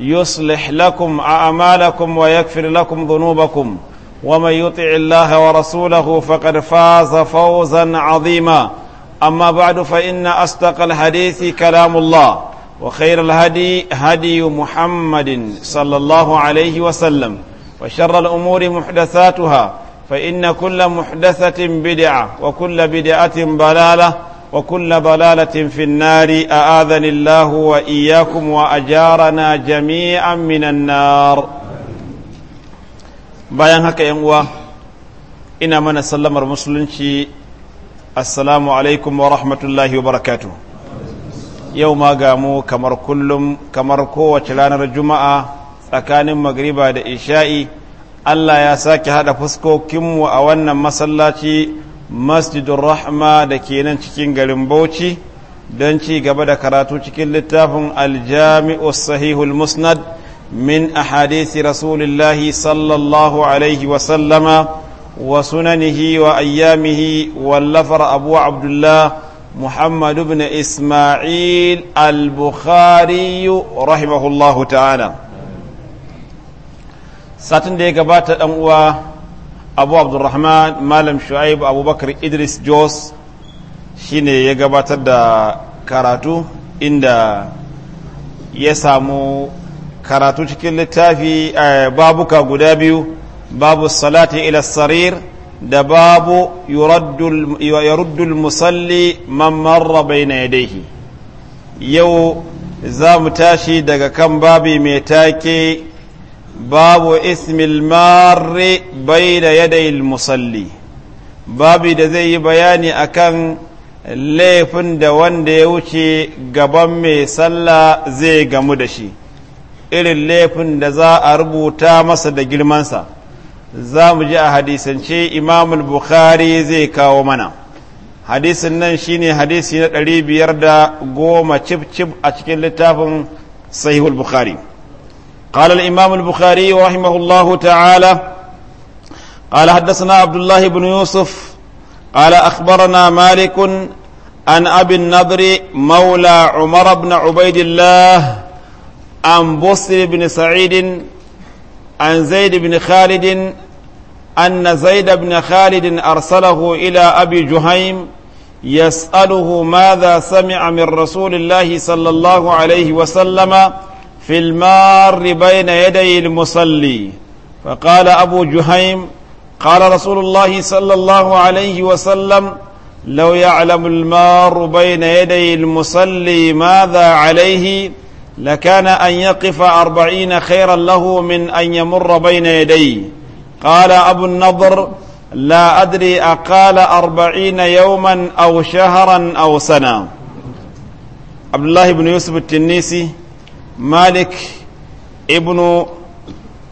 يصلح لكم أعمالكم ويغفر لكم ذنوبكم ومن يطع الله ورسوله فقد فاز فوزا عظيما أما بعد فإن أصدق الحديث كلام الله وخير الهدي هدي محمد صلى الله عليه وسلم وشر الأمور محدثاتها فإن كل محدثة بدعة وكل بدعة ضلالة وكل ضلالة في النار أعاذني الله وإياكم وأجارنا جميعا من النار bayan haka yan uwa ina mana sallamar musulunci assalamu alaikum wa rahmatullahi wa yau magamu kamar kullum kamar kowace ranar juma'a tsakanin magriba da isha'i allah ya sake haɗa fuskokinmu a wannan masallaci masjidun rahma da ke nan cikin garin bauchi don ci gaba da karatu cikin littafin aljami'u sahihul musnad min ahadisi rasulillahi sallallahu alaihi wasallama wa sunanihi wa ayyamihi wallafar abu abdullah محمد بن إسماعيل البخاري رحمه الله تعالى satin da ya gabata ɗan uwa abu abdurrahman malam shu'aib abubakar idris jos ne ya gabatar da karatu inda ya samu karatu cikin littafi eh, babuka guda biyu babu salati ila sarir da babu yaruddul musalli man marra na yadayhi yau za mu tashi daga kan babi mai take babu ismil marre bai da yadayil musalli babu da zai yi bayani akan laifin da wanda ya wuce gaban mai sallah zai gamu da shi irin laifin da za a rubuta masa da girmansa za mu ji a hadisance imamul bukhari zai kawo mana hadisin nan shine hadisi na biyar da goma cif a cikin littafin sahihul قال الإمام البخاري رحمه الله تعالى قال حدثنا عبد الله بن يوسف قال أخبرنا مالك عن أبي النضر مولى عمر بن عبيد الله عن بصر بن سعيد عن زيد بن خالد أن زيد بن خالد أرسله إلى أبي جهيم يسأله ماذا سمع من رسول الله صلى الله عليه وسلم في المار بين يدي المصلي فقال أبو جهيم قال رسول الله صلى الله عليه وسلم لو يعلم المار بين يدي المصلي ماذا عليه لكان أن يقف أربعين خيرا له من أن يمر بين يديه قال أبو النضر لا أدري أقال أربعين يوما أو شهرا أو سنة عبد الله بن يوسف التنيسي malik ibnu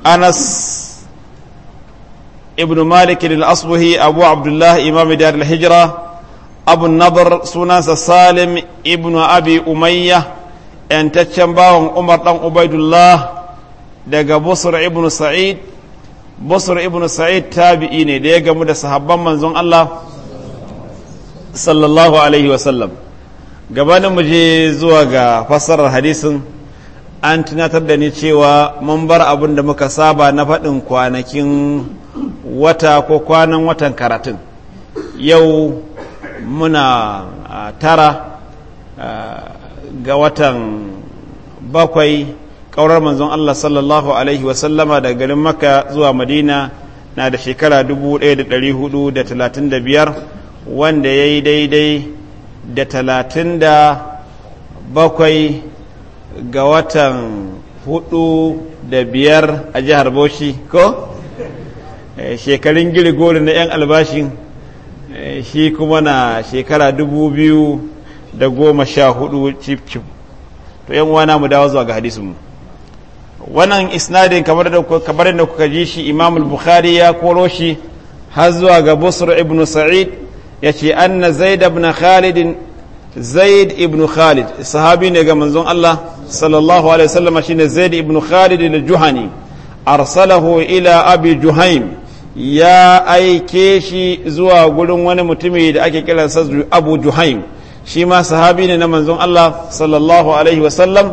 anas ibnu malik al-asbuhi abu abdullah imam dar al-hijra abu nadar sunansa salim ibnu abi umayya yantaccen bawan umar dan ubaidullah daga busur ibnu sa'id busur ibnu sa'id tabi'i ne da ya gamu da sahabban manzon Allah sallallahu alaihi wasallam gabanin mu je zuwa ga fassarar hadisin an tunatar da ni cewa mun bar abin da muka saba na faɗin kwanakin wata ko kwanan watan karatun yau muna tara ga watan bakwai ƙaurar manzon Allah sallallahu Alaihi wasallama daga garin maka zuwa Madina na da shekara 1435 wanda ya yi daidai da 37 ga watan hudu da biyar a jihar Boshi ko eh, shekarun girgori na 'yan albashin eh, shi kuma na shekara dubu biyu da goma sha hudu cif to yan wana mu dawo zuwa ga hadisin mu wannan isnadin kamar da da kuka ji shi Imam bukhari ya koro shi har zuwa ga Busr ibn Sa'id ya yace anna Zaid ibn khalidin." zaid ibn khalid sahabi ne ga manzon Allah sallallahu alaihi wasallam shine zaid ibn khalid al-juhani arsalahu ila abi juhaim ya aike shi zuwa gurin wani mutumi da ake kiransa abu juhaim shi ma sahabi ne na manzon Allah sallallahu alaihi wasallam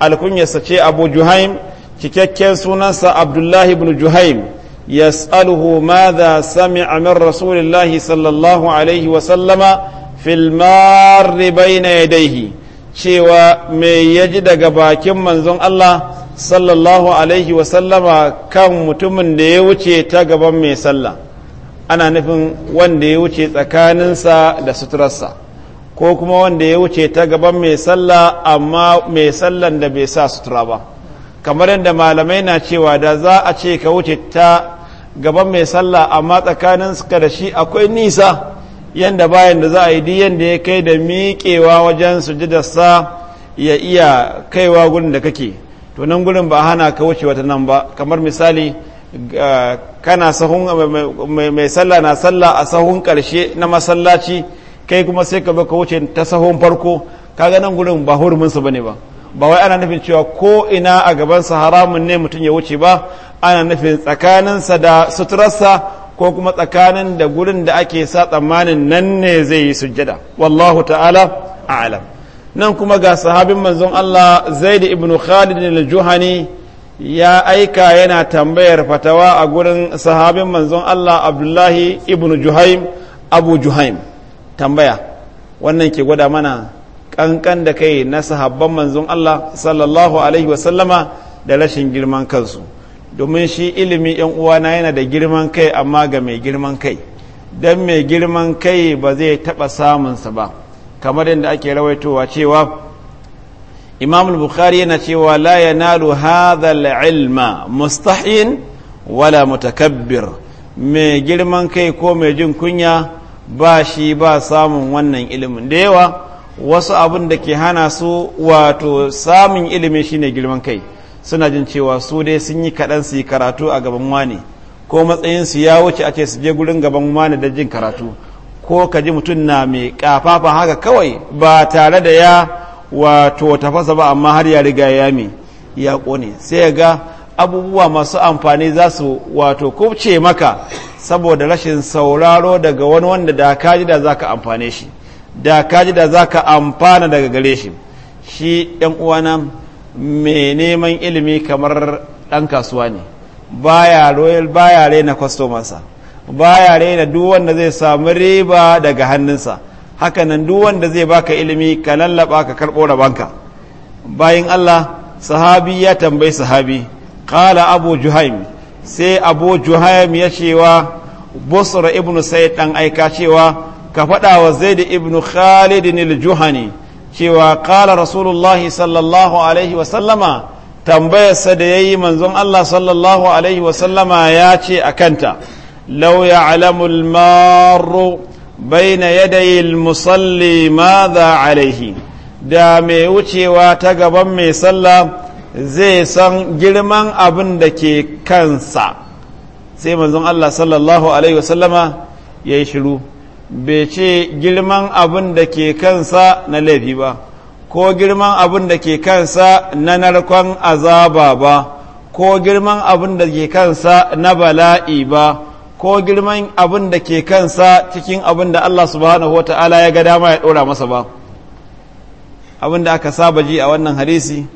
alkunyarsa ce abu juhaim cikakken sunansa abdullahi ibn juhaim yas'aluhu madha sami'a min rasulillahi sallallahu alaihi wasallama filmar ribai na yadaihi cewa mai ya ji daga bakin manzon Allah sallallahu alaihi wasallama kan mutumin da ya wuce ta gaban mai sallah ana nufin wanda ya wuce tsakaninsa da suturarsa ko kuma wanda ya wuce ta gaban mai sallah amma mai sallan da bai sa sutura ba kamar yadda malamai na cewa da za a ce ka wuce ta gaban mai sallah amma tsakaninsa da shi akwai nisa yanda bayan da za a yi diyan da ya kai da miƙewa wajen sa ya iya kaiwa gurin da kake to nan gurin ba hana ka wuce ta nan ba kamar misali kana sahun mai sallah na sallah a sahun karshe na masallaci kai kuma sai ka baka wuce ta sahun farko kaga nan gurin ba hurminsu ba ne ba ba wai ana nufin cewa ko ina a gabansa haramun ne mutum ya wuce ba ana nufin tsakaninsa da suturarsa ko kuma tsakanin da gurin da ake sa tsammanin nan ne zai yi sujjada wallahu ta'ala a'lam nan kuma ga sahabin manzon Allah Zaid ibn Khalid al-Juhani ya aika yana tambayar fatawa a gurin sahabin manzon Allah Abdullahi ibn Juhaim Abu Juhaim tambaya wannan ke gwada mana kankan da kai na sahabban manzon Allah sallallahu alaihi wa sallama da rashin girman kansu domin shi ilimi yan uwana yana da girman kai amma ga mai girman kai don mai girman kai ba zai taɓa samunsa ba kamar yadda ake rawaitowa cewa imam bukhari yana cewa la yanalu hadhal ilma mustahin wala mutakabbir mai girman kai ko mai jin kunya ba shi ba samun wannan ilimin da yawa wasu abin da ke hana su wato samun ilimi shine girman kai suna jin cewa su dai sun yi kaɗan su yi karatu a gaban wani ko matsayin su ya wuce a ce su je gurin gaban wani da jin karatu ko ka ji mutum na mai kafafa haka kawai ba tare da ya wato tafasa ba amma har ya riga ya mi ya ƙone sai ga abubuwa masu amfani za su wato kubce maka saboda rashin sauraro daga wani wanda da ka ji da za ka amfane shi da ka ji da za ka amfana daga gare shi shi ‘yan uwana mai neman ilimi kamar ɗan kasuwa ne baya royal baya raina kwastomansa baya raina duk wanda zai samu riba daga hannunsa hakanan duk wanda zai baka ilimi ka lallaba ka karɓo rabanka bayan Allah sahabi ya tambayi sahabi kala abu juhaim sai abu juhaim ya cewa busra ibnu Sa'id ɗan aika cewa ka faɗa wa zaid ibnu khalid al-juhani cewa ƙala rasulullahi sallallahu alaihi wasallama tambayarsa da ya yi manzon Allah sallallahu alaihi wasallama ya ce a kanta lau ya'lamu al-marru baina yadayi musalli alaihi da mai wucewa ta gaban mai sallah zai san girman abin da ke kansa sai manzon Allah sallallahu alaihi wasallama ya yi shiru bai ce girman abin da ke kansa na laifi ba ko girman abin da ke kansa na narkon azaba ba ko girman abin da ke kansa na bala'i ba ko girman abin da ke kansa cikin abin da Allah subhanahu wa ta'ala ya ga dama ya ɗora masa ba abin da aka saba ji a wannan hadisi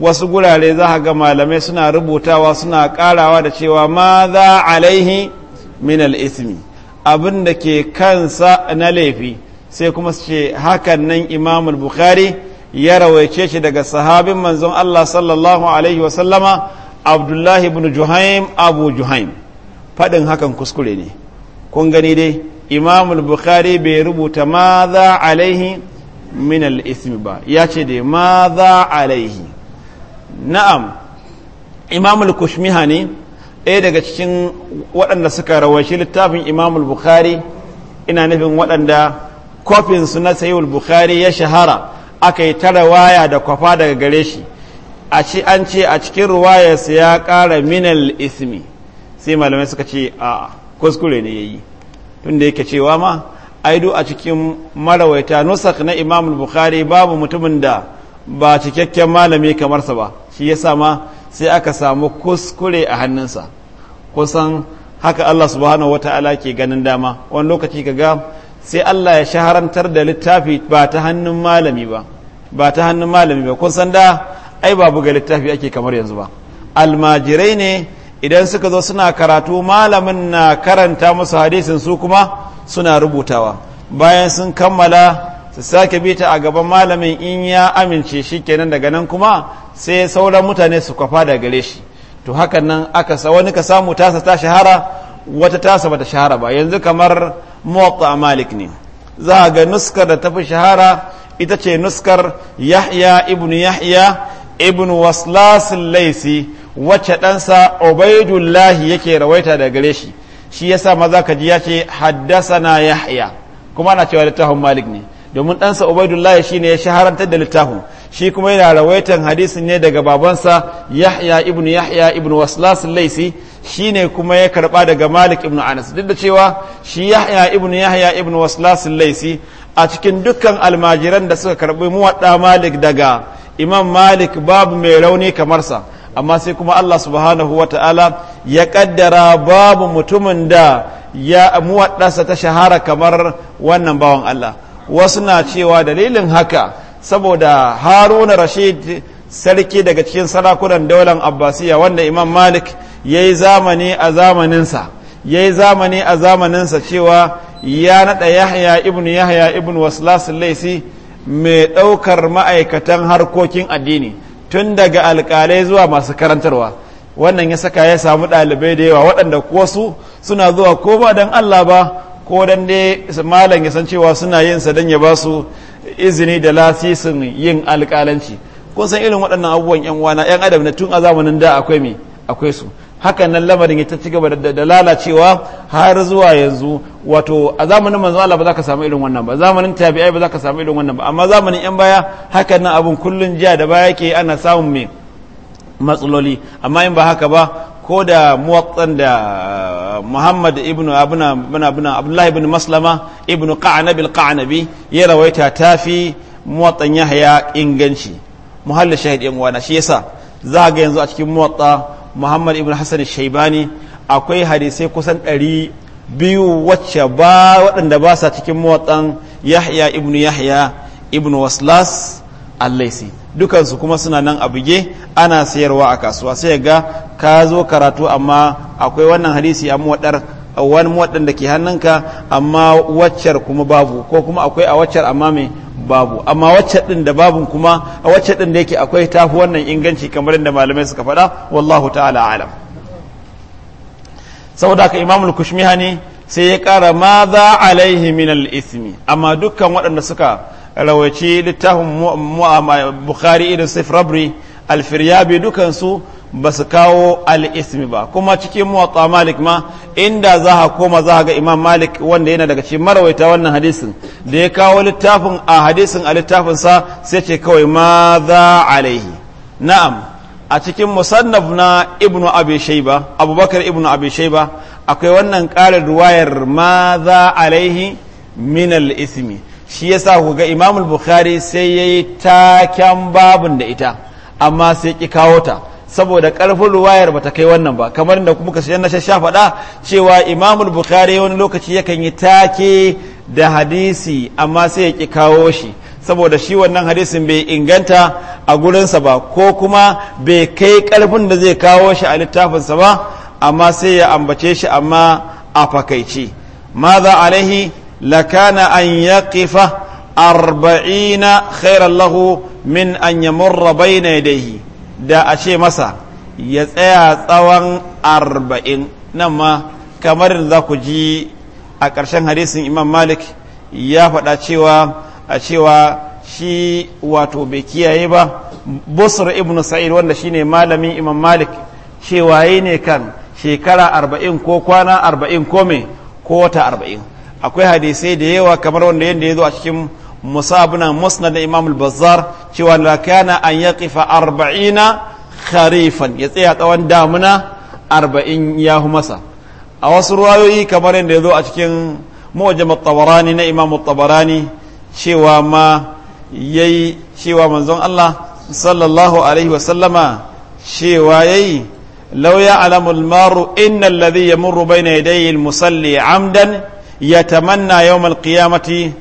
wasu gurare za ga malamai suna rubutawa suna karawa da cewa ma za alaihi min al'ismi abin da ke kansa na laifi sai kuma su ce hakan nan imamul bukhari ya rawaice shi daga sahabin manzon Allah sallallahu alaihi wasallama abdullahi ibn juhaim abu juhaim faɗin hakan kuskure ne kun gani dai imamul bukhari bai rubuta ma za alaihi min al-ismi ba ya ce dai ma za alaihi na'am imamul kushmiha ne ɗaya daga cikin waɗanda suka rawashi littafin imamul bukhari ina nufin waɗanda kofinsu na sayi bukhari ya shahara aka yi ta waya da kwafa daga gare shi a ci an ce a cikin ruwayarsa ya ƙara minal ismi sai malamai suka ce a kuskure ne ya yi tunda yake cewa ma aidu a cikin marawaita nusak na imamul bukhari babu mutumin da ba cikakken malami kamar sa ba shi ya ma sai aka samu kuskure a hannunsa kusan haka Allah subhanahu wata'ala ke ganin dama wani lokaci ka ga sai Allah ya shaharantar da littafi ba ta hannun malami ba ba ta hannun malami ba kun da ai ba buga littafi ake kamar yanzu ba almajirai ne idan suka zo suna karatu malamin na karanta musu hadisin su kuma suna rubutawa bayan sun kammala su sake bi ta a gaban malamin in ya amince shi kenan daga nan kuma sai sauran mutane su kwafa da gare shi to hakan nan aka sa wani ka samu tasa ta shahara wata tasa bata shahara ba yanzu kamar muwatta malik ne za a ga nuskar da tafi shahara ita ce nuskar yahya ibnu yahya ibnu waslas laisi wacce ɗansa ubaidullahi yake rawaita da gare shi shi yasa maza ka ji ya ce haddasa na yahya kuma ana cewa littafin malik ne domin ɗansa ubaidullahi shine ya shaharantar da littafin shi kuma yana rawaitan hadisin ne daga babansa yahya ibnu yahya ibnu waslas laisi ne kuma ya karba daga malik ibnu anas duk da cewa shi yahya ibnu yahya ibnu waslas laisi a cikin dukkan almajiran da suka karɓi muwaɗa malik daga imam malik babu mai rauni kamar sa amma sai kuma Allah subhanahu wa ta'ala ya kaddara babu mutumin da ya sa ta shahara kamar wannan bawan Allah wasu na cewa dalilin haka saboda haruna rashid sarki daga cikin sarakunan daular abbasiya wanda imam malik ya yi zamani a zamaninsa ya yi zamani a zamaninsa cewa ya naɗa yahya ibn yahya ibn wasu laisi mai ɗaukar ma'aikatan harkokin addini tun daga alkalai zuwa masu karantarwa wannan ya saka ya samu ɗalibai da yawa waɗanda kuwa su suna zuwa ko ba don allah ba ko dan dai malam ya san cewa suna yin sa dan ya ba su izini da lasisin yin alƙalanci kun san irin waɗannan abubuwan yan uwana yan adam na tun a zamanin da akwai akwai su hakan nan lamarin ya ta ci gaba da lalacewa har zuwa yanzu wato a zamanin manzo Allah ba za ka samu irin wannan ba zamanin tabi'ai ba za ka samu irin wannan ba amma zamanin yan baya hakan nan abun kullun jiya da baya yake ana samun me matsaloli amma in ba haka ba ko da muwatsan da eh, muhammad ibn abdullahi ibn maslama ibn qa'anabi qa'anabi ya rawaita ta fi ya yahya inganci muhallin shahid yan wana shi yasa za ga yanzu a cikin muwatsa muhammad ibn hassan shaibani akwai hadisai kusan ɗari biyu wacce ba waɗanda ba sa cikin muwatsan yahya ibn yahya ibn waslas allaisi dukansu kuma suna nan a buge ana sayarwa a kasuwa sai ga ka zo karatu amma akwai wannan hadisi a muwaɗar wani muwaɗin da ke hannunka amma waccar kuma babu ko kuma akwai a waccar amma mai babu amma waccar din da babun kuma a waccar din da yake akwai tafi wannan inganci kamar yadda malamai suka faɗa wallahu ta'ala alam saboda ka imamul ne sai ya ƙara ma za alaihi min al-ismi amma dukkan waɗanda suka rawaci littafin bukhari irin sif rabri alfiryabi dukansu ba su kawo al'ismi ba kuma cikin muwatta malik ma inda za a koma za ga imam malik wanda yana daga cikin marawaita wannan hadisin da ya kawo littafin a hadisin a littafinsa sai ce kawai ma za alaihi na'am a cikin musannaf na ibnu abi shaiba abubakar ibnu abi shaiba akwai wannan ƙarar ruwayar ma za alaihi min al'ismi shi ya ku ga imam bukhari sai ya yi taken babin da ita amma sai ki kawo ta saboda karfin ruwayar ta kai wannan ba kamar da kuma kasu na shasha faɗa cewa imam bukhari wani lokaci yakan yi take da hadisi amma sai ya ki kawo shi saboda shi wannan hadisin bai inganta a gurinsa ba ko kuma bai kai karfin da zai kawo shi a littafinsa ba amma sai ya ambace shi amma a fakaici maza alaihi لكان أن يقف أربعين خيرا له من أن يمر بين يديه دا أشي مسا يسأى ثوان أربعين نما كمر ذاكجي أكرشان حديث إمام مالك يا أشيوا أشيوا shi wato bai kiyaye ba busur ibnu sa'id wanda shine malamin imam malik shi waye ne kan shekara arba'in ko kwana arba'in ko me ko wata arba'in akwai hadisai da yawa kamar wanda yadda ya zo a cikin musabuna da imam al-bazzar cewa la kana an yaqifa arba'ina kharifan ya tsaya tsawon damuna arba'in ya masa a wasu ruwayoyi kamar yadda ya zo a cikin muwajjam tabarani na imam tabarani cewa ma yayi cewa manzon Allah sallallahu alaihi wa sallama cewa yayi law ya'lamu al-maru inna alladhi yamurru bayna yadayhi al-musalli 'amdan yatamanna yawmal qiyamati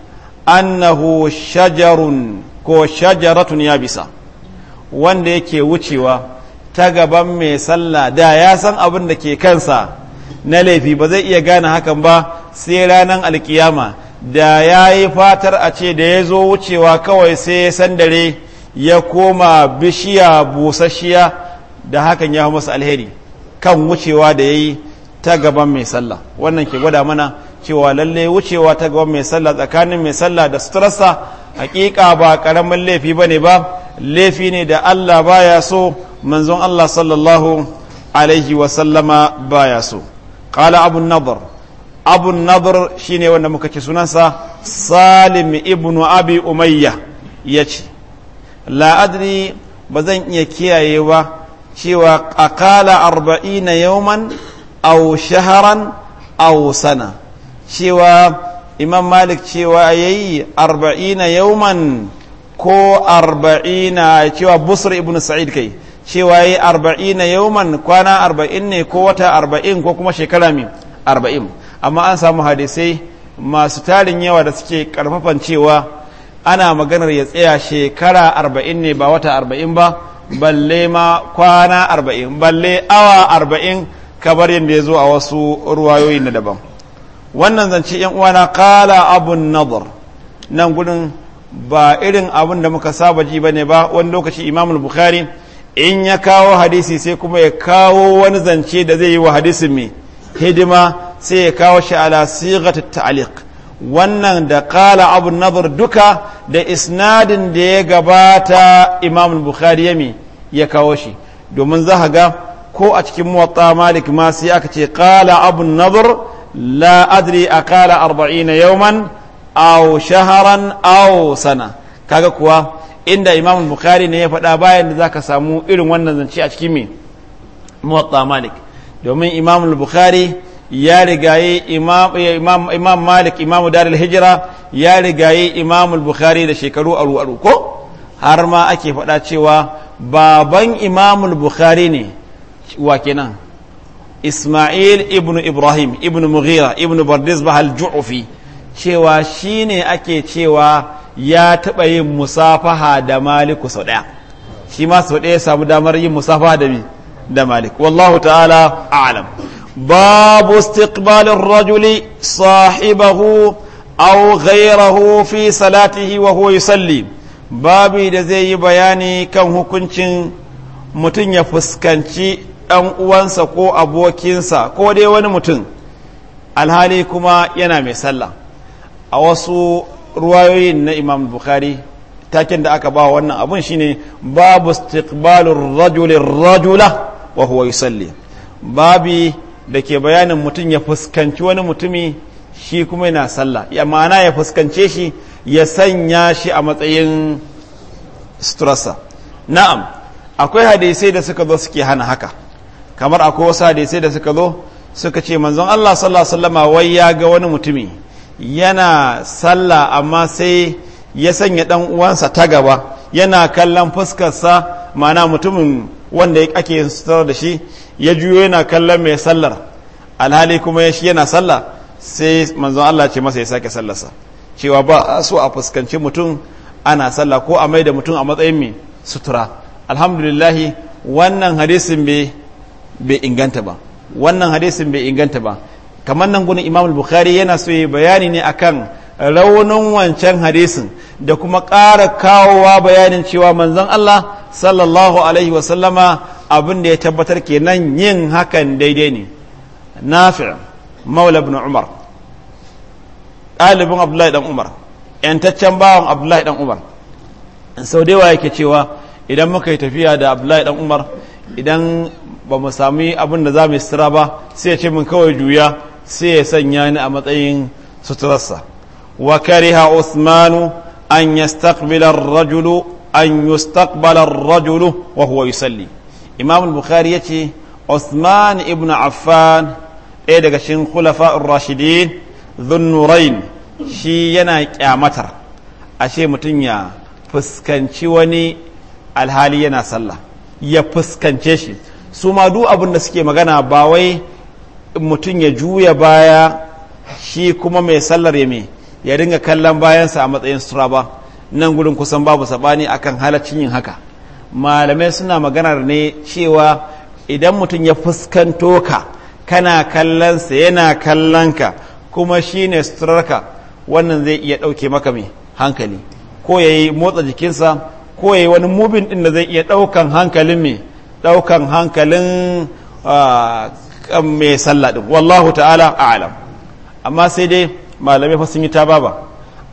annahu shajarun ko ya bisa wanda yake wucewa ta gaban mai sallah da ya san abin da ke kansa na laifi ba zai iya gane hakan ba sai ranar alkiyama da ya yi fatar a ce da ya zo wucewa kawai sai ya sandare ya koma bishiya busasshiya da hakan ya masa alheri kan wucewa da ya yi ta gaban mai sallah wannan ke gwada mana cewa lalle wucewa ta gaban mai sallah tsakanin mai sallah da suturarsa hakika ba karamin laifi ba ne ba laifi ne da Allah baya so manzon Allah sallallahu alaihi wa sallama baya so qala abu abun abu shi shine wanda muka ci sunansa salim ibn abi umayya yace la adri zan iya kiyaye ba cewa aqala 40 yawman aw shahran aw sana cewa imam malik cewa ya yi arba'ina yauman ko arba'ina cewa busur ibn sa'id kai cewa ya yi arba'ina yauman kwana arba'in ne ko wata arba'in ko kuma shekara mai arba'in amma an samu hadisai masu tarin yawa da suke karfafan cewa ana maganar ya tsaya shekara arba'in ne ba wata arba'in ba balle ma kwana arba'in balle awa arba'in kabar yadda ya zo a wasu ruwayoyi na daban wannan zance yan uwa na kala abun nazar nan gudun ba irin abun da muka saba ji bane ba wani lokaci imamul bukhari in ya kawo hadisi sai kuma ya kawo wani zance da zai yi wa hadisin mai hidima sai ya kawo shi ala sigat ta'alik wannan da kala abun nazar duka da isnadin da ya gabata imamul bukhari yami ya kawo shi domin za ga ko a cikin muwatta malik ma sai aka ce kala abun nazar. la adri akala arba'ina yawman aw shaharan aw sana kaga kuwa inda imam bukhari ne ya faɗa bayan da zaka samu irin wannan zance a cikin me muwatta malik domin imam bukhari ya rigaye imam imam malik imam darul hijra ya rigaye imam bukhari da shekaru aru aru ko har ma ake faɗa cewa baban imam bukhari ne wa kenan Ismail ibn Ibrahim ibn Mughira ibn Bardisbah al-Ju'fi cewa shine ake cewa ya taɓa yin musafaha da Maliku sau ɗaya shi ma sau ɗaya samu damar yin musafaha da mi da Malik wallahu ta'ala a'lam babu istiqbalir rajuli sahibahu aw ghayrahu fi salatihi wa huwa yusalli babu da zai yi bayani kan hukuncin mutum ya fuskanci ɗan uwansa ko abokinsa ko dai wani mutum alhali kuma yana mai sallah a wasu ruwayoyin na imam bukhari taken da aka ba wannan abun shine babu istiqbalur rajuli rajula wa huwa yusalli babi da ke bayanin mutum ya fuskanci wani mutumi shi kuma yana sallah ya ma'ana ya fuskance shi ya sanya shi a matsayin strasa na'am akwai hadisai da suka zo suke hana haka kamar akwai wasu sai da suka zo suka ce manzon Allah sallallahu alaihi wai ya ga wani mutumi yana sallah amma sai ya sanya dan uwansa ta gaba yana kallon fuskarsa mana mutumin wanda ake yin sutar da shi ya juyo yana kallon mai sallar alhali kuma shi yana sallah sai manzon Allah ce masa ya sake sallarsa cewa ba so a fuskanci mutum ana sallah ko a mai da mutum a matsayin mai sutura alhamdulillahi wannan hadisin bai bai inganta ba wannan hadisin bai inganta ba kamar nan gudun imam bukhari yana so yi bayani ne akan raunin wancan hadisin da kuma ƙara kawowa bayanin cewa manzon Allah sallallahu alaihi wasallama abin da ya tabbatar kenan yin hakan daidai ne nafi' maula ibn umar ɗalibin abdullahi dan umar yantaccen bawan abdullahi dan umar sau da yake cewa idan muka yi tafiya da abdullahi dan umar idan ba mu sami abin da za mu istira ba sai ya ce min kawai juya sai ya sanya ni a matsayin suturarsa wa kariha usmanu an yastaqbila ar-rajulu an yustaqbala ar-rajulu wa huwa yusalli imam al-bukhari yace usman ibn affan ɗaya daga cikin khulafa rashidin dhunnurain shi yana kyamatar ashe mutum ya fuskanci wani alhali yana sallah ya fuskance shi su ma duk abin da suke magana ba wai mutum ya juya baya shi kuma mai sallar ya me ya dinga kallon bayansa a matsayin sutura ba nan gudun kusan babu saɓani akan halaccin yin haka malamai suna maganar ne cewa idan mutum ya fuskanto ka kana kallonsa yana kallon ka kuma shi ne ka wannan zai iya ɗauke maka mai hankali ko ya yi motsa jikinsa ko ya yi wani mubin ɗin da zai iya ɗaukan hankalin mai ɗaukan hankalin ah, mai sallah wallahu ta'ala a'lam amma sai dai malamai fa sun yi ta baba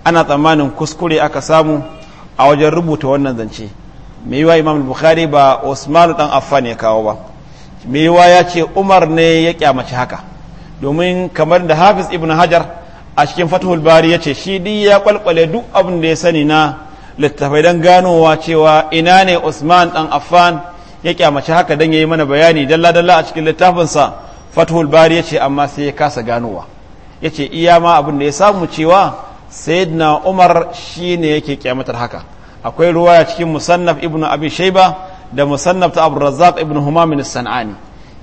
ana tsammanin kuskure aka samu a wajen rubuta wannan zance mai yiwa imam bukhari ba usman dan affan ya kawo ba mai yiwa ya ce umar ne ya kyamaci haka domin kamar da hafiz ibn hajar a cikin fatihul bari ya ce shi di ya kwalkwale duk abin da ya sani na littafai don ganowa cewa ina ne usman dan affan ya kyamaci haka don ya yi mana bayani dalla dalla a cikin littafinsa fathul bari ce amma sai ya kasa ganowa ce iya ma abin da ya samu cewa sayyidina umar shi shine yake kyamatar haka akwai ruwa ya cikin musannaf ibn abi shaiba da musannaf ta abu razzaq ibn humam min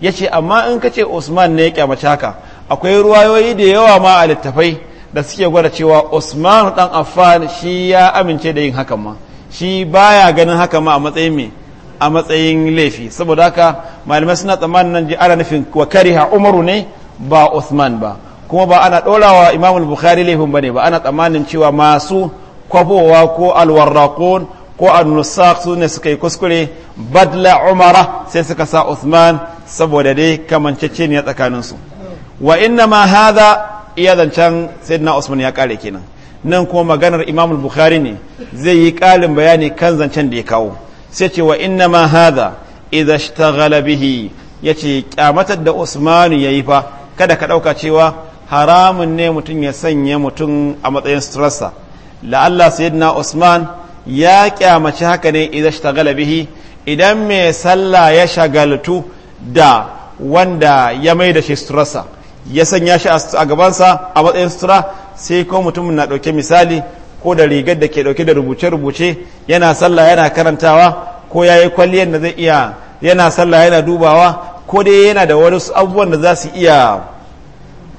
Ya ce amma in ka ce usman ne ya kyamaci haka akwai ruwayoyi da yawa ma a littafai da suke gwada cewa usman dan affan shi ya amince da yin hakan ma shi baya ganin haka ma a matsayin mai a matsayin laifi saboda haka malamai suna tsammanin nan ji ana nufin wa kariha umaru ne ba Uthman ba kuma ba ana ɗorawa imamul bukhari laifin ba ne ba ana tsammanin cewa masu kwabowa ko alwarraqun ko annusaq su ne suka yi kuskure badla umara sai suka sa Uthman saboda dai kamanceceniya tsakaninsu wa inna ma hadha iya zancen sayyidina Usman ya kare kenan nan kuma maganar imamul bukhari ne zai yi kalin bayani kan zancen da ya kawo sai ce wa inna ma shi ta ishtaghala bihi ce kyamatar da usmanu ya yi fa kada ka ɗauka cewa haramun ne mutum ya sanya mutum a matsayin stressa la'alla yadda Usman ya kyamaci haka ne idza ishtaghala bihi idan mai sallah ya shagaltu da wanda ya mai da shi stressa ya sanya shi a gabansa a matsayin sutura sai ko mutum na ɗauke misali ko da rigar da ke dauke da rubuce-rubuce yana sallah yana karantawa ko ya yi kwalliyar da zai iya yana sallah yana dubawa ko dai yana da wani abubuwan da za su iya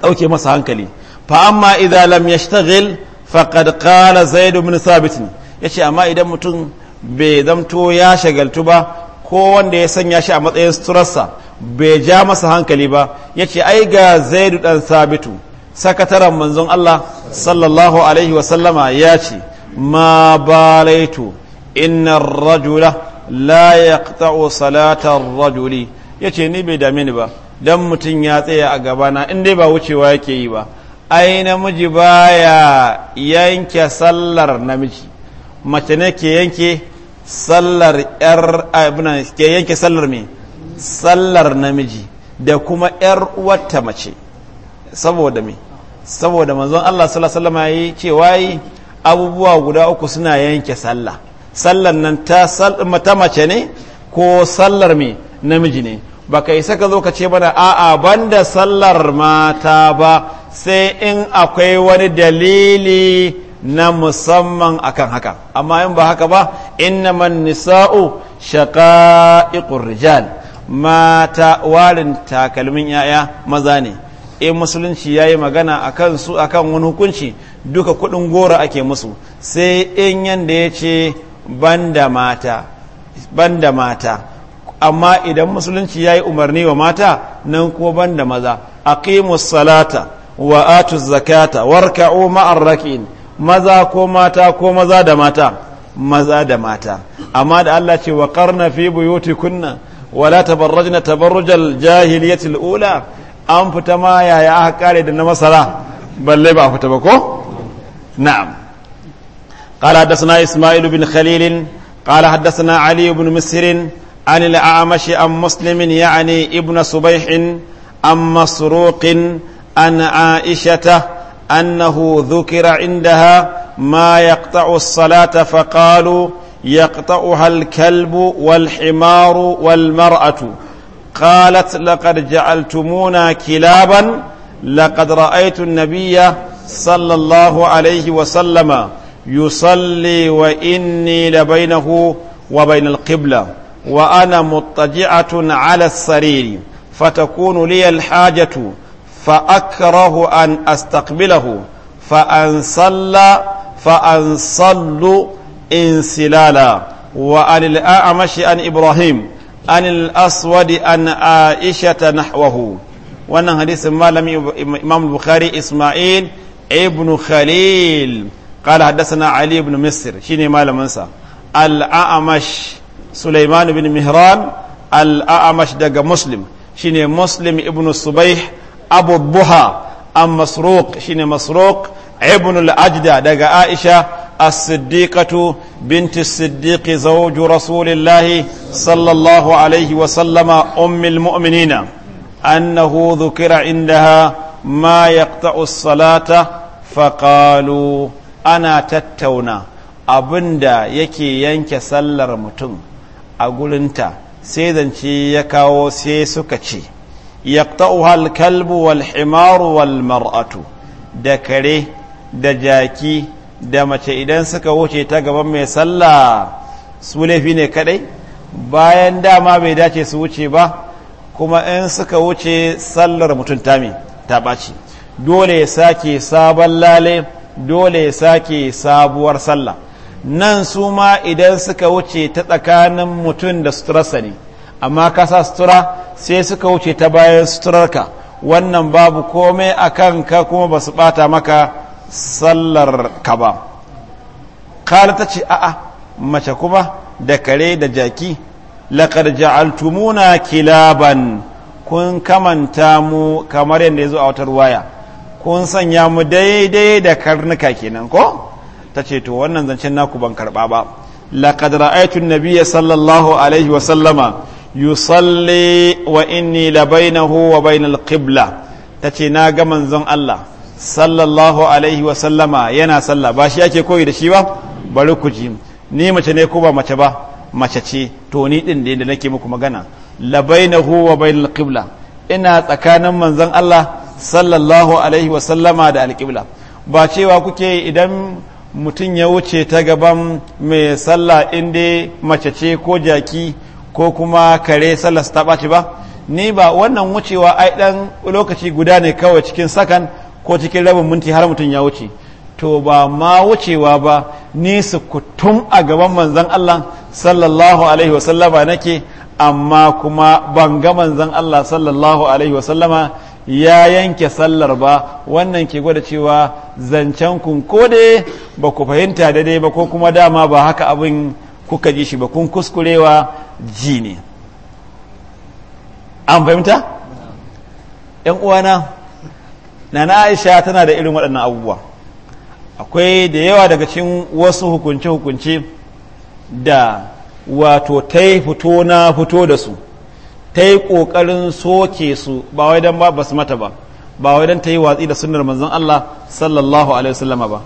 ɗauke masa hankali fa amma idan lam yashtagil faqad qala zaid ibn sabit yace amma idan mutum bai zamto ya shagaltu ba ko wanda ya sanya shi a matsayin suturarsa bai ja masa hankali ba yace ai ga zaidu dan sabitu sakataren manzon Allah sallallahu alaihi wasallama ya ce ma balaitu inna rajula la yaqta'u salatar rajuli yace ni bai dami ni ba don mutum ya tsaye a gabana in dai ba wucewa yake yi ba ai namiji baya yanke sallar namiji mace ne ke yanke sallar yar abin ke yanke sallar me sallar namiji da kuma yar uwarta mace saboda me saboda manzon Allah sallallahu alaihi wasallam yayi cewa abubuwa guda uku suna yanke sallah sallan nan ta ta mace ne ko sallar me namiji ne baka isa ka zo ka ce mana a'a banda sallar mata ba sai in akwai wani dalili na musamman akan haka amma in ba haka ba innaman nisa'u shaqa'iqur rijal mata warin takalmin yaya maza ne in eh, musulunci ya yi magana a kan su a kan wani hukunci duka kudin gora ake musu sai in yanda ya ce banda mata mata amma idan musulunci ya yi umarni wa mata nan ban banda maza aqimus salata wa atu zakata warka o rakin maza ko mata ko maza da mata maza da mata amma da Allah ce wa karna fi kunna wala tabarrajna tabarrujal jahiliyatil ula an fita ma yaya aka kare da na masara balle ba fita ba ko na'am قال حدثنا إسماعيل بن خليل قال حدثنا علي بن مسهر عن الأعمش عن مسلم يعني ابن صبيح عن مسروق عن عائشة أنه ذكر عندها ما يقطع الصلاة فقالوا يقطعها الكلب والحمار والمرأة قالت لقد جعلتمونا كلابا لقد رأيت النبي صلى الله عليه وسلم يصلي وإني لبينه وبين القبلة وأنا مضطجعة على السرير فتكون لي الحاجة فأكره أن أستقبله فأن صلى فأن صلوا انسلالا وعن الأعمش عن إبراهيم عن الأسود عن عائشة نحوه وأن حديث مالم إمام البخاري إسماعيل ابن خليل قال حدثنا علي بن مصر شيني مالم منسى الأعمش سليمان بن مهران الأعمش دق مسلم شيني مسلم ابن الصبيح أبو الضحى أم مسروق شيني مسروق ابن الأجدى دق عائشة الصديقة بنت الصديق زوج رسول الله صلى الله عليه وسلم أم المؤمنين أنه ذكر عندها ما يقطع الصلاة فقالوا أنا تتونا abinda yake yanke sallar mutum a gurinta sai zance ya kawo sai suka ce yaqta'uha al-kalbu wal mar'atu da kare da jaki da mace idan suka wuce ta gaban mai sallah su laifi ne kadai bayan dama bai dace su wuce ba kuma in suka wuce sallar mutum tami ta ɓaci dole ya sake sabon lale dole ya sake sabuwar sallah nan su ma idan suka wuce ta tsakanin mutum da suturarsa ne amma kasa sutura sai suka wuce ta bayan suturarka wannan babu komai a kanka kuma ba su ɓata maka sallar ka ba kala ta ce a'a mace kuma da kare da jaki laƙar ja'altumuna kilaban kun kamanta mu kamar yadda ya zo a watar waya kun sanya mu daidai da karnuka kenan ko ta ce to wannan zancen naku ban karɓa ba laƙad ra'aitun nabiya sallallahu alaihi wasallama yusalli wa inni labainahu wa bainal qibla ta ce na ga manzon Allah sallallahu alaihi wa sallama yana sallah ba shi ake koyi da shi ba bari ku ji ni mace ne ko ba mace ba mace ce to ni din da nake muku magana labainahu wa bainal qibla ina tsakanin manzon Allah sallallahu alaihi wa sallama da alqibla ba cewa kuke idan mutum ya wuce ta gaban mai sallah inda mace ce ko jaki ko kuma kare sallah ta ɓaci ba ni ba wannan wucewa ai dan lokaci guda ne kawai cikin sakan ko cikin rabin minti har mutum ya wuce to ba ma wucewa ba ni su kutum a gaban manzan Allah sallallahu alaihi wasallama nake amma kuma ban ga manzan Allah sallallahu alaihi wasallama ya yanke sallar ba wannan ke gwada cewa zancen kun ko dai ba ku fahimta daidai ba ko kuma dama ba haka abin kuka ji shi ba kun kuskurewa ji ne an fahimta? 'yan uwana na na aisha tana da irin waɗannan abubuwa akwai da yawa daga cikin wasu hukunce-hukunce da wato ta yi fito na fito da su ta yi ƙoƙarin soke su ba wai don ba su mata ba ba wai don ta yi watsi da sunar manzon Allah sallallahu alaihi wasallama ba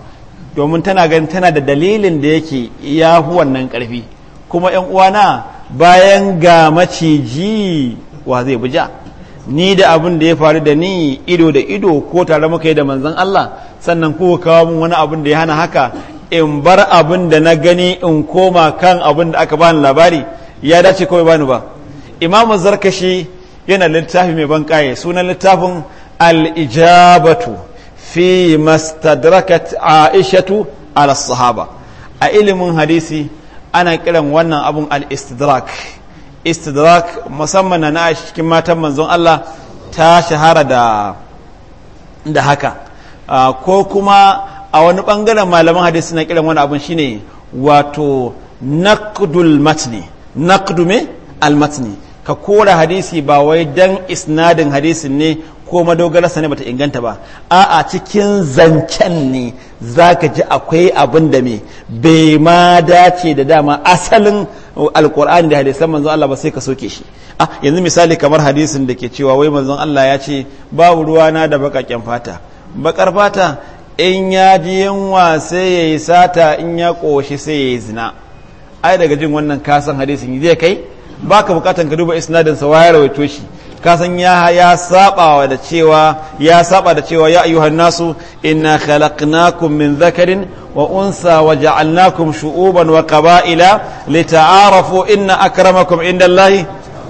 domin tana ganin tana da dalilin da yake ya fi wannan ƙarfi kuma ‘yan uwana bayan ga maciji wa zai buja ni da abin da ya faru da ni ido da ido ko tare muka yi da manzan Allah sannan kuka kawo min wani abin da ya hana haka in bar abin da na gani in koma kan abin da aka bani labari ya dace kawai bani ba imamu zarkashi yana littafi mai ban kaye sunan littafin al-ijabatu fi mastadrakat aishatu ala sahaba a ilimin hadisi ana kiran wannan abun al-istidrak istidrak musamman na na cikin matan manzon Allah ta shahara da da haka ah, ko kuma a wani bangaren malaman hadisi na kiran wani abun shine wato naqdul matni naqdu al matni ka kora hadisi ba wai dan isnadin hadisi ne ko madogara ne bata inganta ba a'a cikin zancen ne zaka ji akwai abin da me bai ma dace da dama asalin alkur'ani da hadisan manzon Allah ba sai ka soke shi ah yanzu misali kamar hadisin da ke cewa wai manzon Allah ya ce babu ruwa na da bakakken fata bakar fata in ya ji yunwa sai ya yi sata in ya koshi sai ya yi zina ai daga jin wannan kasan hadisin zai kai baka bukatan ka duba isnadin sa wayar wato shi kasan ya ya saba da cewa ya saba da cewa ya ayyuhan nasu inna khalaqnakum min dhakarin wa unsa wa ja'alnakum shu'uban wa qaba'ila lita'arafu inna akramakum indallahi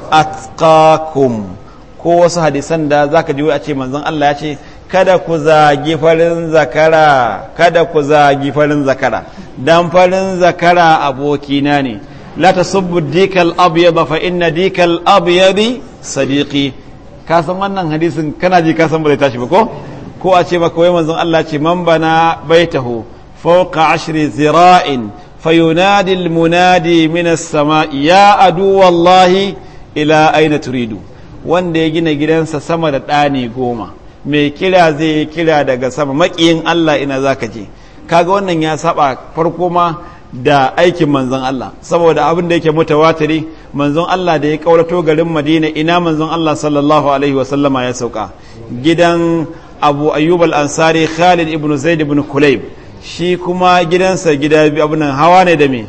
atqakum ko wasu hadisan da zaka ji a ce manzon Allah ya ce kada ku zagi farin zakara kada ku zagi farin zakara dan farin zakara abokina ne la tasubbu dikal abyad fa na dikal abyad sadiqi ka san wannan hadisin kana ji ka san ba zai tashi ba ko ko a ce maka wai manzon Allah ce man bana baitahu fawqa ashirin zira'in fayunadi almunadi min as-sama'i ya adu wallahi ila aina turidu wanda ya gina gidansa sama da ɗani goma mai kira zai kira daga sama maƙiyin Allah ina za ka je kaga wannan ya saba farko ma da aikin manzon Allah saboda abin da yake mutawatiri manzon Allah da ya kaurato garin Madina ina manzon Allah sallallahu alaihi wa sallama ya sauka gidan Abu Ayyub al-Ansari Khalid ibn Zaid ibn Kulayb shi kuma gidansa gida biyu abin hawa ne da me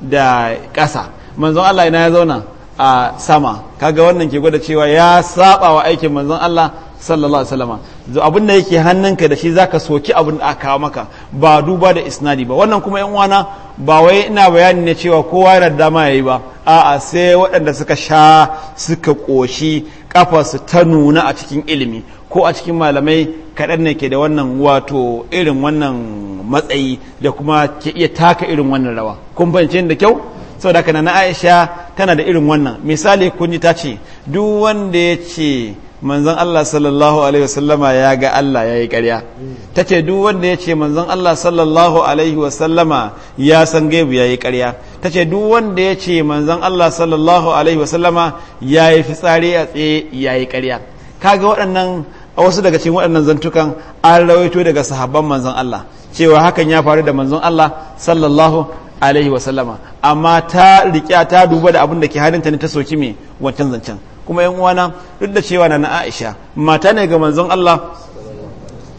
da ƙasa manzon Allah ina ya zauna a sama kaga wannan ke gwada cewa ya saba wa aikin manzon Allah sallallahu alaihi wa sallama abin da yake hannunka da shi zaka soki abin da aka maka ba duba da isnadi ba wannan kuma yan uwana ba wai ina bayani ne cewa kowa yana dama yayi ba a'a sai waɗanda suka sha suka ƙoshi kafa ta nuna a cikin ilimi ko a cikin malamai kaɗan ne ke da wannan wato irin wannan matsayi da kuma ke iya taka irin wannan rawa kun fahimci da kyau sau da kana na Aisha tana da irin wannan misali kun ji ta ce duk wanda ya ce manzon Allah sallallahu alaihi wasallama ya ga Allah ya yi ƙarya ta ce duk wanda ya ce manzon Allah sallallahu alaihi wasallama ya san gaibu ya yi ƙarya ta ce duk wanda ya ce manzon Allah sallallahu alaihi wasallama ya yi fitsari a tsaye ya yi ƙarya kaga waɗannan a wasu daga cikin waɗannan zantukan an rawaito daga sahabban manzon Allah cewa hakan ya faru da manzon Allah sallallahu alaihi wasallama amma ta riƙa ta duba da abin da ke halinta ne ta soki mai wancan zancen kuma yan uwana duk da cewa na na Aisha mata ne ga manzon Allah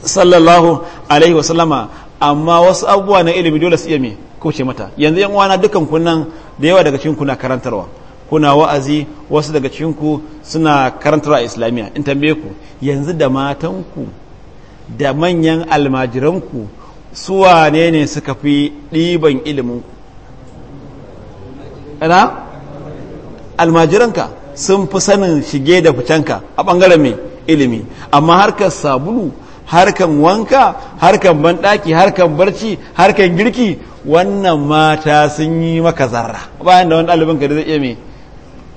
sallallahu alaihi wasallama amma wasu abubuwa na ilimi dole su iya me ce mata yanzu yan uwana dukan nan da yawa daga cikin ku na karantarwa kuna wa'azi wasu daga cikin ku suna karantarwa a islamiya in tambaye ku yanzu da matan ku da manyan almajiran ku su wane ne suka fi ɗiban ilimin ku almajiranka sun fi sanin shige da fitanka a bangaren mai ilimi amma harkar sabulu harkar wanka harkar banɗaki harkar barci harkar girki wannan mata sun yi maka zarra bayan da wani ɗalibin ka da zai iya mai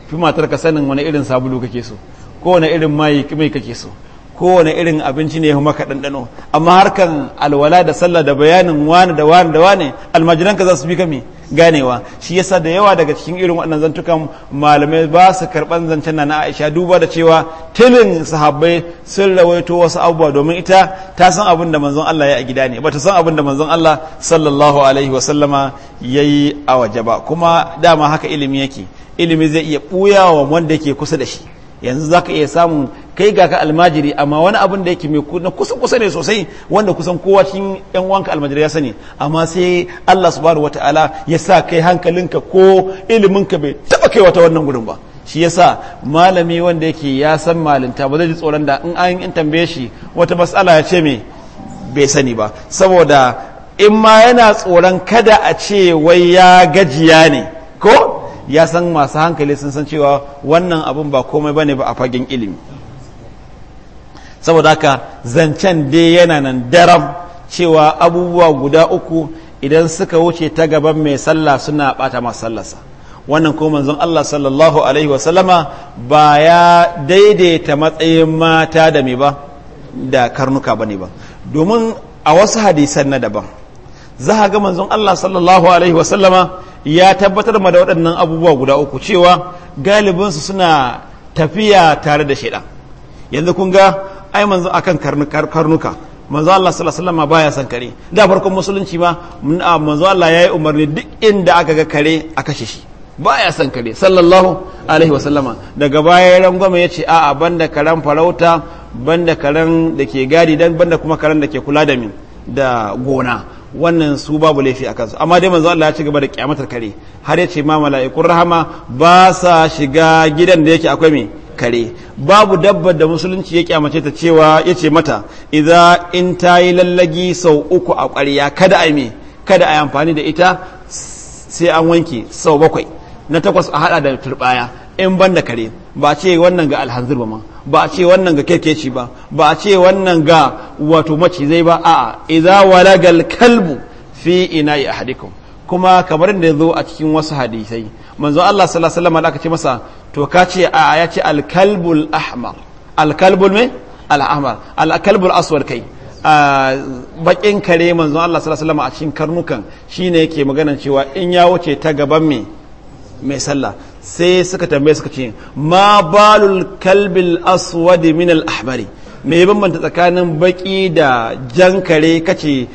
fi matar ka sanin wani irin sabulu kake so ko wani irin mai kake so wani irin abinci ne ya maka ɗanɗano amma harkar alwala da sallah da bayanin wani da wani da wani almajiranka za su bi ka mai. ganewa shi yasa da yawa daga cikin irin waɗannan zantukan malamai ba su karɓan zancen na Aisha duba da cewa tilin sahabbai sun rawaito wasu abubuwa domin ita ta san abin da manzon Allah ya a gida ne bata san abin da manzon Allah sallallahu alaihi wa sallama yayi a waje ba kuma dama haka ilimi yake ilimi zai iya ɓuya wa wanda yake kusa da shi yanzu za ka iya samun kai ga ka almajiri amma wani abin da yake na kusan kusa ne sosai wanda kusan kowa shi yan wanka almajiri ya sani amma sai Allah su subhanahu wataala ya sa kai hankalinka ko iliminka bai taba kai wata wannan gurin ba shi yasa malami wanda yake ya san malinta ba zai ji tsoron da in an in tambaye shi wata matsala ya ce me bai sani ba saboda in ma yana tsoron kada a ce wai ya gajiya ne ko ya san masu hankali sun san cewa wannan abin ba komai bane ba a fagen ilimi saboda haka zancen dai yana nan daram cewa abubuwa guda uku idan suka wuce ta gaban mai sallah suna bata masu sallarsa wannan ko manzon Allah sallallahu alaihi wasallama ba ya daidaita matsayin mata da me ba da karnuka bane ba domin a wasu hadisan na daban za ga manzon Allah sallallahu alaihi wasallama ya tabbatar ma da waɗannan abubuwa guda uku cewa galibinsu suna tafiya tare da shaidan yanzu kun ga ai manzo akan karnuka manzo Allah sallallahu alaihi wasallam baya san kare da farkon musulunci ma manzo Allah yayi umarni duk inda aka ga kare a kashe shi baya san kare sallallahu alaihi wasallama daga baya rangwame ya ce a'a banda karen farauta banda karen da ke gadi dan banda kuma karen da ke kula da min da gona wannan su babu laifi a kansu amma dai manzo Allah ya ci gaba da kiyamatar kare har ya ce ma mala'ikun rahama ba sa shiga gidan da yake akwai mai kare babu dabbar da musulunci ya kyamace ta cewa ya ce mata idza in ta yi lallagi sau uku a ƙwariya kada a me kada a yi amfani da ita sai an wanke sau bakwai na takwas a hada da turbaya in ban da kare ba ce wannan ga alhanzir ba ma ba ce wannan ga kekeci ba ba ce wannan ga wato macizai ba a'a idza walagal kalbu fi ina ya ahadikum kuma kamar da ya zo a cikin wasu hadisai manzo Allah sallallahu alaihi wasallam aka ce masa to ka ce a ya ce alkalbul ahmar alkalbul me al-ahmar alkalbul aswar kai bakin kare manzo Allah sallallahu alaihi wasallam a cikin karnukan shine yake maganan cewa in ya wuce ta gaban me mai sallah sai suka tambaye suka ce ma balul kalbil aswadi min al mai me bambanta tsakanin baki da jan kare kace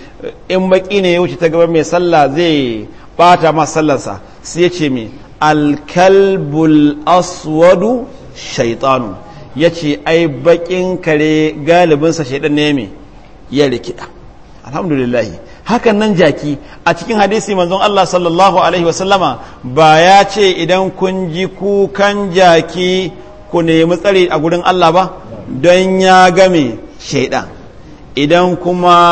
in baki ne ya wuce ta gaba mai sallah zai bata ma sallarsa sai ya ce me al kalbul aswadu shaytanu yace ai bakin kare galibinsa shaidan ne me ya rikida alhamdulillah hakan nan jaki a cikin hadisi manzon Allah sallallahu alaihi wasallama ba ya ce idan kun ji kukan jaki ku nemi tsari a gurin Allah ba don ya game shaidan idan kuma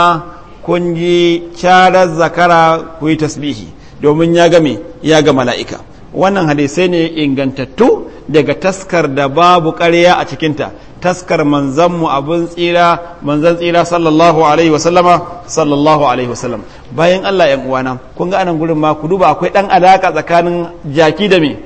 kun ji carar zakara ku yi tasbihi domin ya game ya ga mala'ika wannan hadisai ne ingantattu daga taskar da babu ƙarya a cikinta taskar manzanmu abin tsira manzan tsira sallallahu alaihi wasallama sallallahu alaihi wasallam bayan Allah ‘yan uwana kun ga anan gurin ma ku duba akwai dan alaka tsakanin jaki da me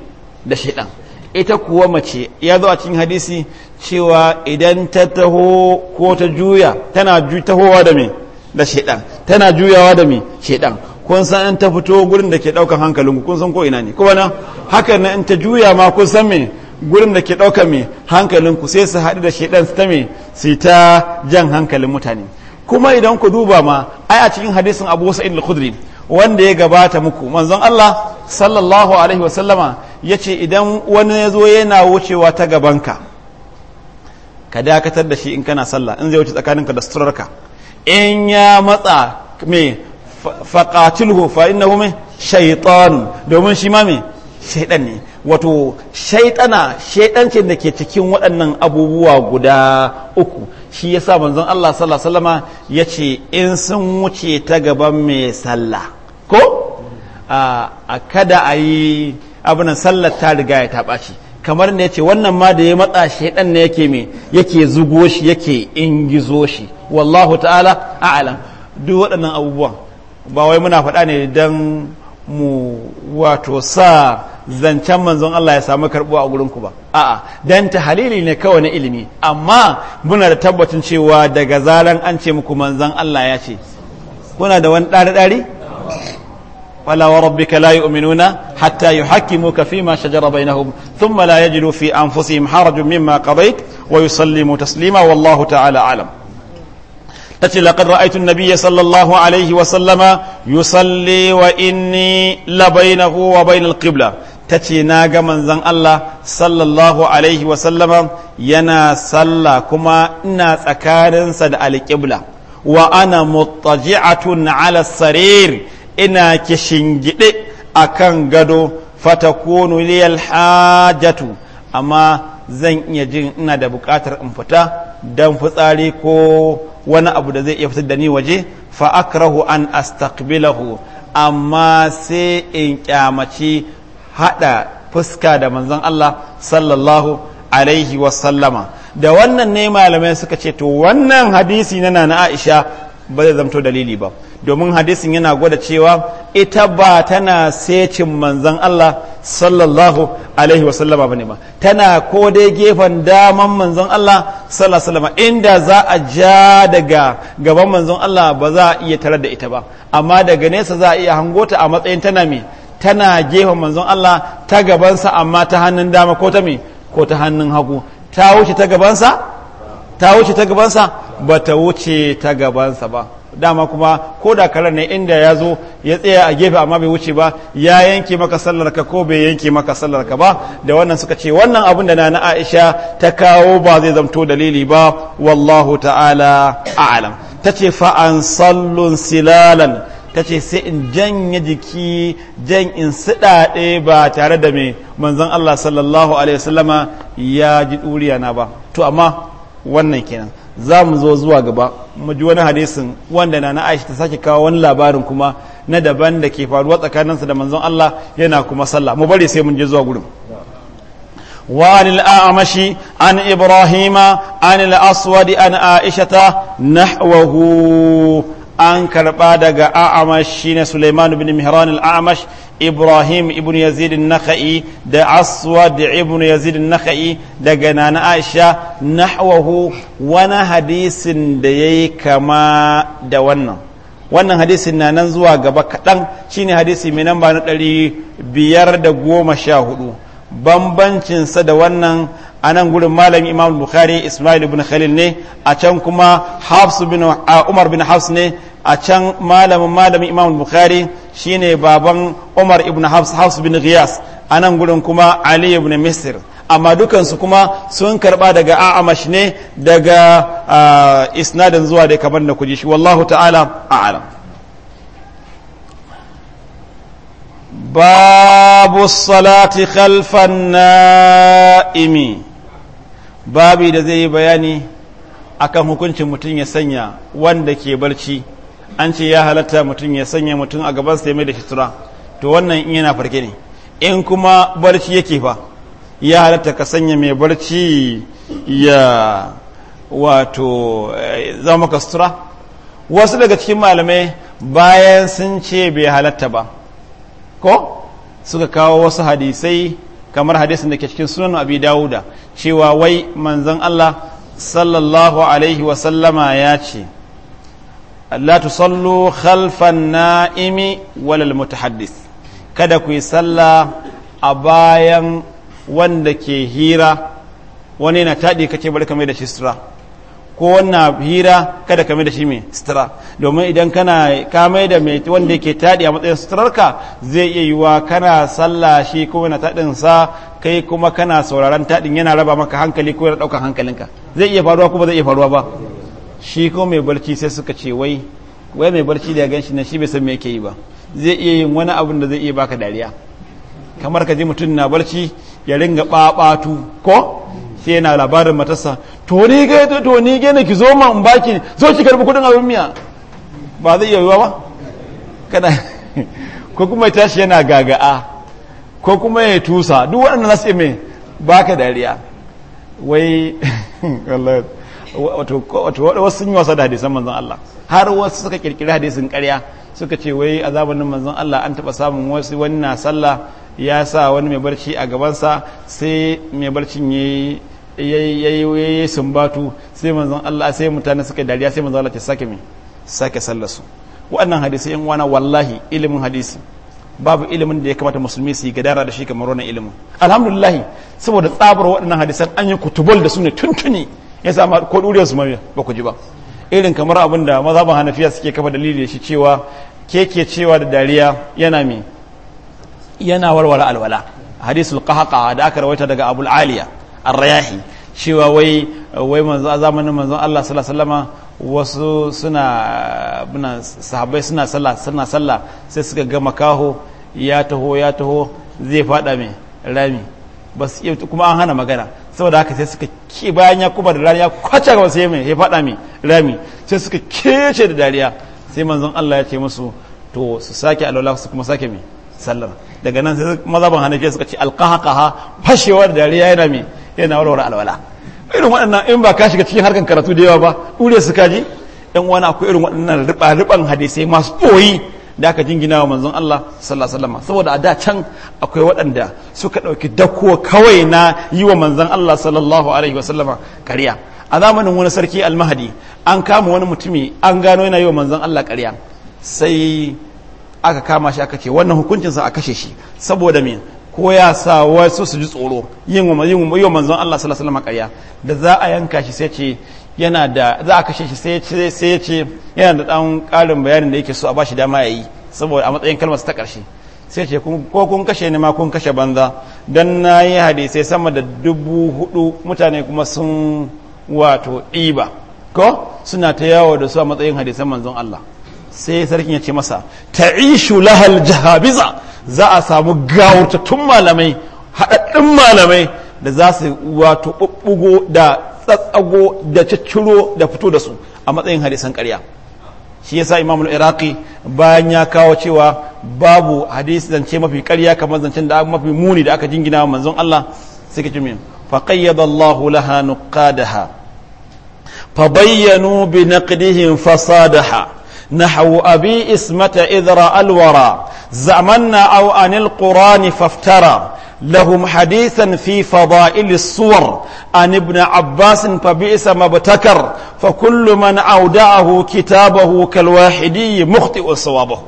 da shaidan ita kuwa mace ya zo a cikin hadisi cewa idan ta taho ko ta juya tana ju tahowa da me da shaidan tana juyawa da me shaidan kun san an ta fito gurin da ke daukan ku kun san ko ina ne kuma nan haka na in ta juya ma kun san me gurin da ke daukan me hankalinku sai su haɗu da shedan su ta me su ta jan hankalin mutane kuma idan ku duba ma ai a cikin hadisin Abu Sa'id al-Khudri wanda ya gabata muku manzon Allah sallallahu alaihi wa sallama yace idan wani ya zo yana wucewa ta gabanka ka dakatar da shi in kana sallah in zai wuce tsakaninka da suturarka in ya matsa me faƙatilhu fa innahu min shaitan domin shi ma me shaitan ne wato shaitana shaitancin da ke cikin waɗannan abubuwa guda uku shi ya sa manzon Allah sallallahu ya ce in sun wuce ta gaban mai sallah ko a kada a yi abinan sallar ta riga ya taɓa shi kamar ne ce wannan ma da ya matsa shaiɗan ne yake me yake zugo shi yake ingizo shi wallahu ta'ala a'lam duk waɗannan abubuwan ba wai muna faɗa ne don mu wato sa zancen manzon Allah ya samu karɓuwa a gurinku ba a'a dan ta halili ne kawai na ilimi amma muna da tabbacin cewa daga zaran an ce muku manzon Allah ya ce kuna da wani ɗari ɗari wala wa rabbika la yu'minuna hatta yuhakkimuka fima shajara bainahum thumma la yajidu fi anfusihim harajan mimma qadayt wa yusallimu taslima wallahu ta'ala alam tace laqad ra'aytu an-nabiyya sallallahu alaihi wa sallama yusalli wa inni la na wa bainal qibla tace na ga manzon Allah sallallahu alaihi wa sallama yana sallah kuma ina tsakaninsa da alqibla wa ana muttaji'atun ala sarir ina kishingide kan gado kunu liyal hajatu amma zan iya jin ina da buƙatar in fita don fitsari ko wani abu da zai iya fitar da ni waje fa akrahu an astaqbilahu amma sai in kyamaci hada fuska da manzon Allah sallallahu alaihi wasallama da wannan ne malamai suka ce to wannan hadisi na na Aisha ba zai zamto dalili ba domin hadisin yana gwada cewa ita ba tana secin manzon Allah sallallahu alaihi wasallama bane ba tana ko dai gefen daman manzon Allah sallallahu alaihi inda za a ja daga gaban manzon Allah ba za a iya tarar da ita ba amma daga nesa za a iya hangota a matsayin tana me tana gefen manzon Allah ta gabansa amma ta hannun dama ko ta me ko ta hannun hagu ta wuce ta gabansa ta wuce ta gabansa ba ta wuce ta gabansa ba dama kuma ko da karar ne inda ya zo ya tsaya a gefe amma bai wuce ba ya yanke maka sallar ka ko bai yanke maka sallar ka ba da wannan suka ce wannan abun da na Aisha ta kawo ba zai zamto dalili ba wallahu ta'ala a'lam tace fa an sallun silalan tace sai in janye jiki jan in siɗaɗe ba tare da mai manzon Allah sallallahu alaihi wasallama ya ji duriya na ba to amma wannan kenan za mu zo zuwa gaba mu ji wani hadisin wanda na na aisha ta sake kawo wani labarin kuma na daban da ke faruwa tsakaninsa da manzon Allah yana kuma sallah mu bari sai mun je zuwa gurin a'mashi an ibrahima إبراهيم aswadi an an ta nahwahu. an karba daga a'amash shine Sulaiman ibn Mihran al-A'mash Ibrahim ibn Yazid an-Nakhai da Aswad ibn Yazid an-Nakhai daga Nana Aisha nahwahu wani hadisin da yayi kama da wannan wannan hadisin na nan zuwa gaba kaɗan shine hadisi mai namba na ɗari biyar da goma sha hudu bambancinsa da wannan a nan gurin malam imam bukhari ismail ibn khalil ne a can kuma bin umar bin hafs ne a can malamin malamin imam bukhari shine baban umar ibn hafs bin ghiyas a nan gudun kuma ali ibn misir amma dukansu kuma sun karba daga a'amash ne daga isnadin zuwa da kamar da kuji shi wallahu ta'ala a'lam babu salati khalfan na'imi babi da zai yi bayani akan hukuncin mutum ya sanya wanda ke barci an ce ya halatta mutum ya sanya mutum a gaban sai mai da sutura to wannan in yana farke ne in kuma barci yake fa ya halatta ka sanya mai barci ya wato eh, zama ka sutura wasu daga cikin malamai bayan sun ce bai halatta ba ko suka kawo wasu hadisai kamar hadisin da ke cikin sunan abi dawuda cewa wai manzon Allah sallallahu alaihi wasallama ya ce la tusallu khalfan na'imi walal mutahaddis kada ku yi sallah a bayan wanda ke hira wani na taɗi kake bari kamar da shi sutura ko wannan hira kada kamar da shi mai sutura domin idan kana kama da mai wanda ke taɗi a matsayin suturarka zai iya yiwa kana sallah shi ko wani taɗin sa kai kuma kana sauraron taɗin yana raba maka hankali ko yana ɗaukar hankalinka zai iya faruwa ko ba zai iya faruwa ba shi ko mai barci sai suka ce wai wai mai barci da gan shi na shi bai san me yake yi ba zai iya yin wani abin da zai iya baka dariya kamar ka ji mutum na barci ya ringa ɓaɓatu ko sai yana labarin matarsa to ni ga to ni ga ne ki zo ma in baki zo ki karbi kudin abin miya ba zai iya yiwa ba kana ko kuma ya tashi yana gaga'a ko kuma ya tusa duk waɗanda za su iya mai baka dariya wai wallahi wato wasu sun yi wasa da hadisan manzon Allah har wasu suka kirkiri hadisin ƙarya suka ce wai a zamanin manzon Allah an taɓa samun wasu wani na sallah ya sa wani mai barci a gabansa sai mai barcin ya yi sumbatu sai manzon Allah sai mutane suka dariya sai manzon Allah ta sake mai sake sallar su waɗannan hadisai yan wana wallahi ilimin hadisi babu ilimin da ya kamata musulmi su yi gadara da shi kamar wani ilimin alhamdulillah saboda tsabar waɗannan hadisan an yi kutubul da su ne tuntuni ya sami ko duriyar su mamiya ba ku ji ba irin kamar abin da mazaban hanafiya suke kafa dalili shi cewa keke cewa da dariya yana mi yana warware alwala hadisul qahaqa da aka rawaita daga abul aliya ar-rayahi cewa wai wai manzo zamanin Allah sallallahu alaihi wasallama wasu suna buna sahabbai suna sallah suna sallah sai suka ga makaho ya taho ya taho zai fada mai rami bas kuma an hana magana saboda haka sai suka ke bayan ya kuma da rariya kwace gaba sai mai ya faɗa mai rami sai suka kece da dariya sai manzon Allah ya ce musu to su sake alwala su kuma sake mai sallar daga nan sai mazaban hanafi suka ce alqahaqaha fashewar dariya yana mai yana warware alwala irin waɗannan in ba ka shiga cikin harkan karatu da yawa ba dure su kaji yan wani akwai irin waɗannan riba riban hadisai masu ɓoyi. da aka jingina wa manzon Allah sallallahu alaihi wasallam saboda a da can akwai waɗanda suka ɗauki dako kawai na yi wa manzon Allah sallallahu alaihi wasallama ƙarya a zamanin wani sarki almahadi an kama wani mutumi an gano yana yi wa manzon Allah ƙarya sai aka kama shi aka ce wannan hukuncinsa a kashe shi saboda me ko ya sa wasu su ji tsoro yin wa manzon Allah sallallahu alaihi wasallam ƙarya da za a yanka shi sai ce yana da za a kashe shi sai ya ce yana da ɗan ƙarin bayanin da yake so a ba shi dama ya yi saboda a matsayin kalmarsa ta ƙarshe sai ce ko kun kashe ni ma kun kashe banza don na yi hadisai sama da dubu hudu mutane kuma sun wato ɗiba ko suna ta yawo da su a matsayin hadisan manzon Allah sai sarkin ya ce masa ta ta'ishu lahal jahabiza za a samu gawurtattun malamai haɗaɗɗun malamai da za su wato ɓuɓɓugo da tsattsago da cicciro da fito da su a matsayin hadisan ƙarya shi yasa imamul iraqi bayan ya kawo cewa babu hadis zance mafi ƙarya kamar zancen da mafi muni da aka jingina manzon Allah sai ka ce fa qayyada Allahu laha nuqadaha fa bayyanu bi naqdihim fasadaha نحو abi ismata إذ alwara الورى زعمنا أو عن القرآن لهم حديثا في فضائل الصور عن ابن عباس فبئس ما ابتكر فكل من أودعه كتابه كالواحدي مخطئ صوابه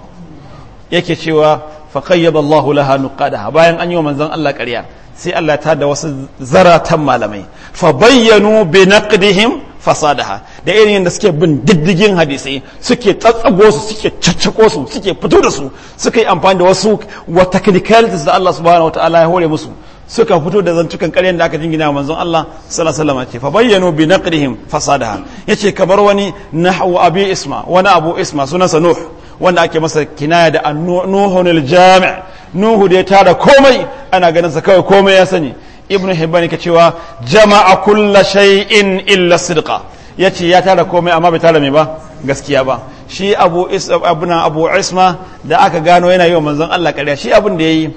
yake cewa fa qayyaba Allah laha nuqadaha bayan an yi wa manzan Allah ƙarya sai Allah ta da wasu zaratan malamai fa bayyanu bi naqdihim fasadaha da irin yadda suke bin diddigin hadisai suke tsatsago su suke caccako su suke fito da su suka yi amfani da wasu wa technicalities da Allah subhanahu wa ta'ala ya hore musu suka fito da zantukan ƙaryan da aka jingina manzon Allah sallallahu alaihi wasallam fa bayyanu bi naqdihim fasadaha yace kamar wani nahwu abi isma wani abu isma sunansa nuh wanda ake masa kinaya da nuhunil jami' nuhu da ya tara komai ana ganin sa kawai komai ya sani ibnu hibban ka cewa jama'a kulla shay'in illa sidqa yace ya tara komai amma bai tara mai ba gaskiya ba shi abu abuna abu isma da aka gano yana yi wa manzon Allah kariya shi abin da yayi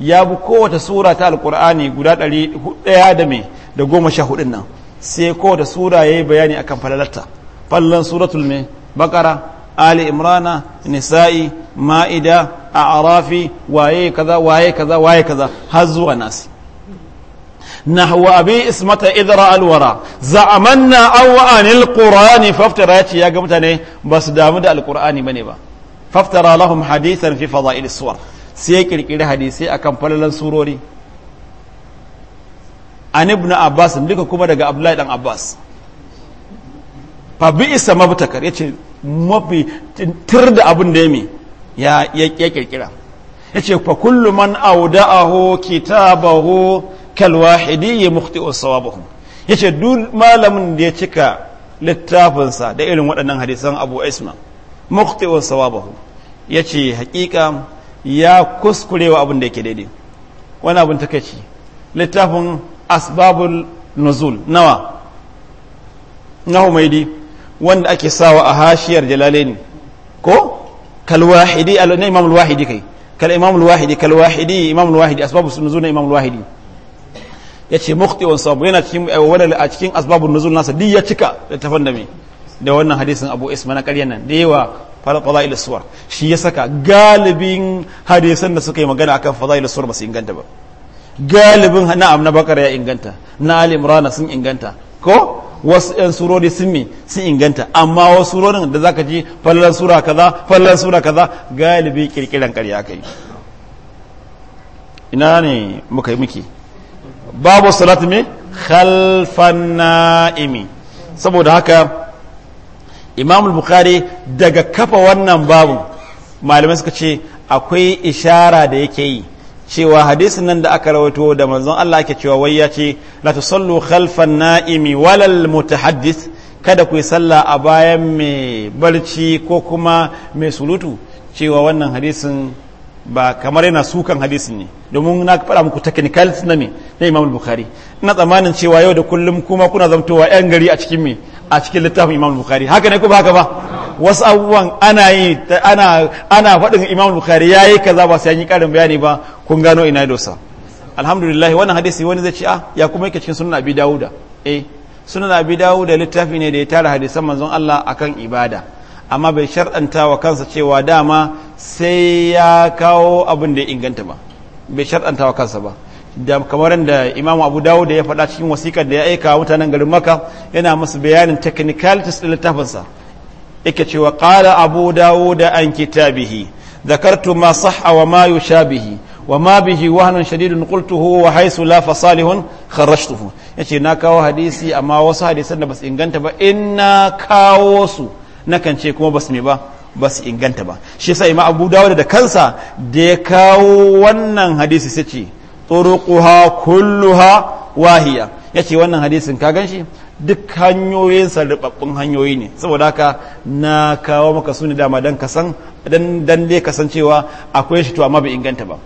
ya bi kowace sura ta alqur'ani guda 100 da me da goma sha hudun nan sai kowace sura yayi bayani akan falalarta fallan suratul me bakara ali imrana nisa'i ma'ida a'rafi waye kaza waye kaza waye kaza har zuwa nasi نحو أبي اسمة إذرا الورى زعمنا أو عن القرآن فافترى يا جمتني بس دامد القرآن بني با فافترى لهم حديثا في فضائل السور سيكر كده حديثي أكم فللن سوروري عن ابن عباس ملككم دقى أبلاي عباس فبئس مبتكر يتشي mafi tir da abin da ya mi ya kirkira ya ce fa kullu man aho kitabahu kal wahidi kalwa sawabahu ya ce duk malamin da ya cika littafinsa da irin waɗannan hadisan abu isma mukhti'u sawabahu ya ce hakika ya kuskurewa abin da yake daidai wani abin kaci littafin asbabul nuzul nawa na maidi. wanda ake sawa a hashiyar jalalaini ko kalwahidi na imam al kai kal imam kalwahidi imam asbabu nuzul na imam yace sabu yana cikin eh, wadal a cikin asbabun nuzul nasa duk ya cika da tafan da me da wannan hadisin Abu Isma na ƙaryan nan da yawa fadail suwar shi ya saka galibin hadisan da suka yi magana akan fadail suwar ba su inganta ba galibin na'am na bakara ya inganta na ali sun inganta ko wasu yan surori sun mi sun inganta amma wasu surorin da zaka ji fallan sura kaza fallan sura kaza galibi kirkiran ƙarya kai ina ne muka yi muke babu salatu me khalfan na'imi saboda haka imam bukhari daga kafa wannan babu malamai suka ce akwai ishara da yake yi cewa hadisin nan da aka rawato da manzon Allah yake cewa wai ya ce la tusallu khalfan na'imi walal mutahaddis kada ku yi sallah a bayan mai barci ko kuma mai sulutu cewa wannan hadisin ba kamar yana sukan hadisin ne domin na faɗa muku technical na me na Imam Bukhari ina tsammanin cewa yau da kullum kuma kuna zamtowa yan gari a cikin me a cikin littafin Imam Bukhari haka ne ko ba haka ba wasu abubuwan ana yi ana ana faɗin Imam Bukhari yayi kaza ba sai an yi karin bayani ba kun gano ina dosa alhamdulillah wannan hadisi wani zai ci a ah, ya kuma yake cikin sunan abi dawuda eh sunan abi dawuda littafi ne da ya tara hadisan manzon Allah akan ibada amma bai shar'anta kansa cewa dama sai ya kawo abin da ya inganta ba bai shar'anta kansa ba da kamar da imam abu dawud ya fada cikin wasikar da ya aika wa mutanen garin maka yana masu bayanin technicalities da littafinsa yake cewa qala abu dawud an kitabihi zakartu ma ma wa sha وما به وهن شديد قلته وحيث لا فصالح خرجته yace na kawo hadisi amma wasu hadisan da basu inganta ba in na kawo su nakan ce kuma basu me inganta ba shi yasa imam abu dawud da kansa da ya kawo wannan hadisi sai ce turuquha kulluha wahiya yace wannan hadisin ka ganshi duk hanyoyin sarrafaffun hanyoyi ne saboda haka na kawo maka su dama dan kasan dan dan dai kasancewa akwai shi to amma bai inganta ba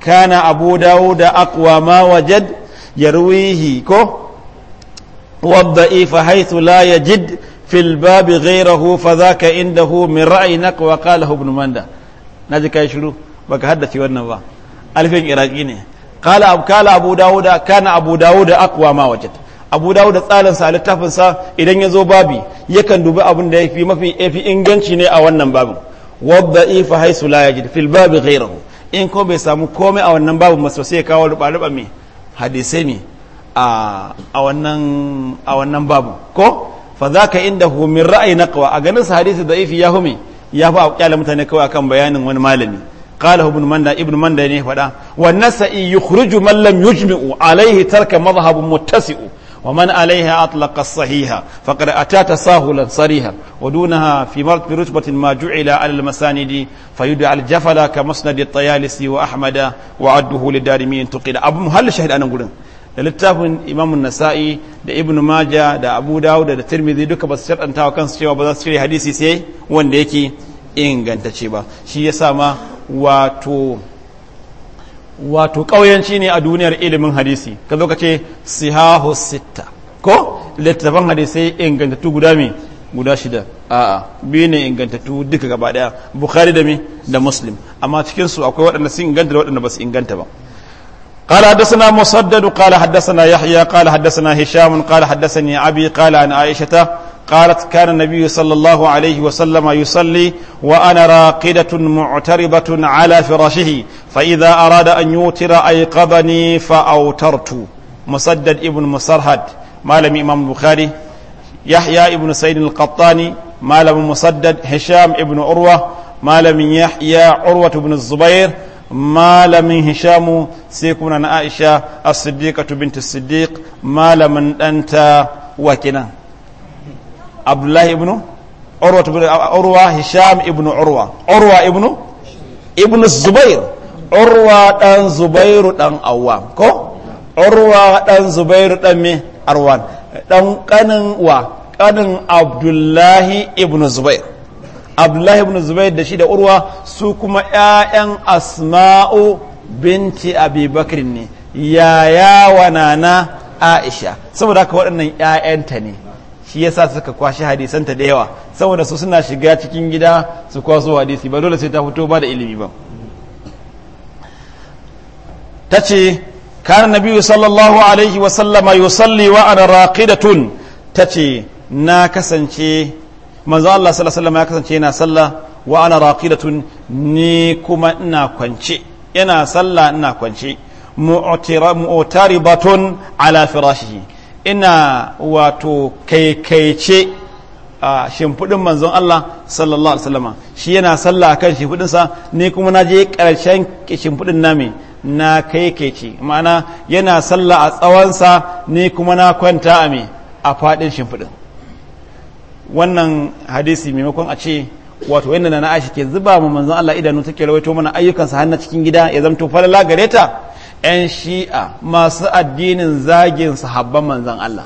kana abu dawuda aqwa ma wajad yarwihi ko والضعيف حيث لا يجد في الباب غيره فذاك عنده من رأي نقوى قاله ابن مندى نجي كاي شلو بك حدثي wannan ba alfin قال ابو قال ابو داود كان ابو داود اقوى ما وجد abu dawud da tsarin sa littafin sa idan ya zo babi yakan dubi abin da yafi mafi yafi inganci ne a wannan babin wadda ifa haisu la babi ghayrahu in ko bai samu komai a wannan babu masu sai kawo ruɓa-ruɓa mai hadisai ne a wannan babu ko fa za ka inda humin ra'ayi na kawa a ganin sa hadisi da ifi ya humi ya fi a kyala mutane kawai akan bayanin wani malami kala ibn manda ibn manda ne faɗa wannan sai yi mallam yujmi'u alaihi tarka mazhabin muttasi'u ومن عليها أطلق الصحيحة فقد أتى تساهلا صريحا ودونها في مرتب رتبة ما جعل على المساند فيدعى الجفل كمسند الطيالسي وأحمد وعده للدارمي انتقل أبو هل شهد أنا أقول da littafin imamun nasa'i da ibnu maja da abu dawud da tirmidhi duka ba su shaɗanta wa kansu cewa ba za su shirya sai wanda yake ingantacce ba shi ya ma wato wato ƙauyanci ne a duniyar ilimin hadisi ka zo ka ce sihahu sitta ko littattafan hadisai ingantattu guda me guda shida a'a biyu ne ingantattu duka gaba daya bukhari da me da muslim amma cikin su akwai waɗanda sun inganta da waɗanda ba su inganta ba قال حدثنا مسدد قال حدثنا يحيى قال حدثنا هشام قال حدثني ابي قال عن عائشه قالت كان النبي صلى الله عليه وسلم يصلي وأنا راقدة معتربة على فراشه فإذا أراد أن يوتر أيقظني فأوترت مسدد ابن مسرهد مالم إمام البخاري يحيى ابن سعيد القطاني مالم مسدد هشام ابن عروة مالم يحيى عروة بن الزبير malamin hishamu sai kuma na aisha as-siddiqatu bint as-siddiq malamin danta wa kinan abdullahi ibnu uh, urwa urwa hisham ibnu urwa urwa ibnu ibnu zubair urwa dan zubairu dan awwam ko urwa dan zubairu dan me arwan dan kanin wa kanin abdullahi ibnu zubair abdullahi ibn zubair da shi da urwa su kuma 'ya'yan asma'u binti abubakar ne yaya wa nana aisha saboda haka waɗannan 'ya'yanta ne shi ya sa suka kwashi hadisanta da yawa saboda su suna shiga cikin gida su kwaso hadisi ba dole sai ta fito ba da ilimi ba ta ce kan nabi sallallahu alaihi wa sallama yusalli wa ana raqidatun ce na kasance manzo Allah sallallahu alaihi wasallam ya kasance yana sallah wa ana raqidatun ni kuma ina kwance yana sallah ina kwance mu'taribatun ala firashihi ina wato kaikaice a shimfiɗin manzon Allah sallallahu alaihi wasallam shi yana sallah kan shimfiɗinsa ni kuma na je ƙarshen shimfiɗin nami na kaikaice ma'ana yana sallah a tsawonsa ni kuma na kwanta a me a faɗin shimfiɗin wannan hadisi maimakon a ce wato yadda na aisha ke zuba ma manzon Allah idanu take rawaito mana ayyukansa har na cikin gida ya zamto falala gare ta 'yan shi'a masu addinin zagin sahabban manzan Allah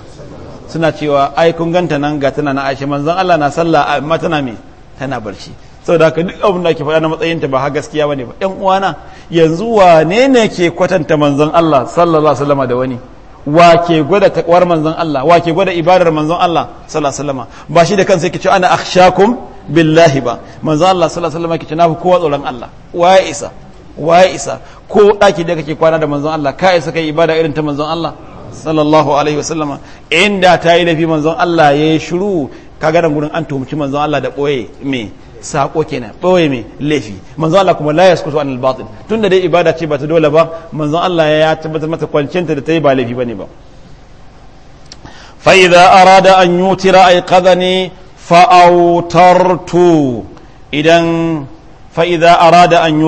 suna cewa ai kun ganta nan ga tana na aisha manzan Allah na sallah amma tana me tana barci saboda haka duk abin da ake faɗa na matsayinta ba ha gaskiya ba ne ba ɗan uwana yanzu wane ne ke kwatanta manzan Allah sallallahu alaihi wasallam da wani wa ke gwada takwar manzan Allah wa ke gwada ibadar manzan Allah sallallahu alaihi wasallam ba shi da kansa yake cewa ana akhshakum billahi ba manzan Allah sallallahu alaihi wasallam yake cewa na kowa tsoron Allah wa ya isa waye isa ko ɗaki da kake kwana da manzon Allah ka isa kai ibada irin ta manzon Allah sallallahu alaihi wasallam inda ta yi laifi manzon Allah ya yi shiru kaga da gurin an tuhumci manzon Allah da ɓoye me sako kenan ɓoye me laifi manzon Allah kuma la yaskutu anil batil tunda dai ibada ce ba ta dole ba manzon Allah ya tabbatar mata kwanciyarta da ta yi ba laifi bane ba fa idza arada an yutira ayqadani fa awtartu idan fa arada an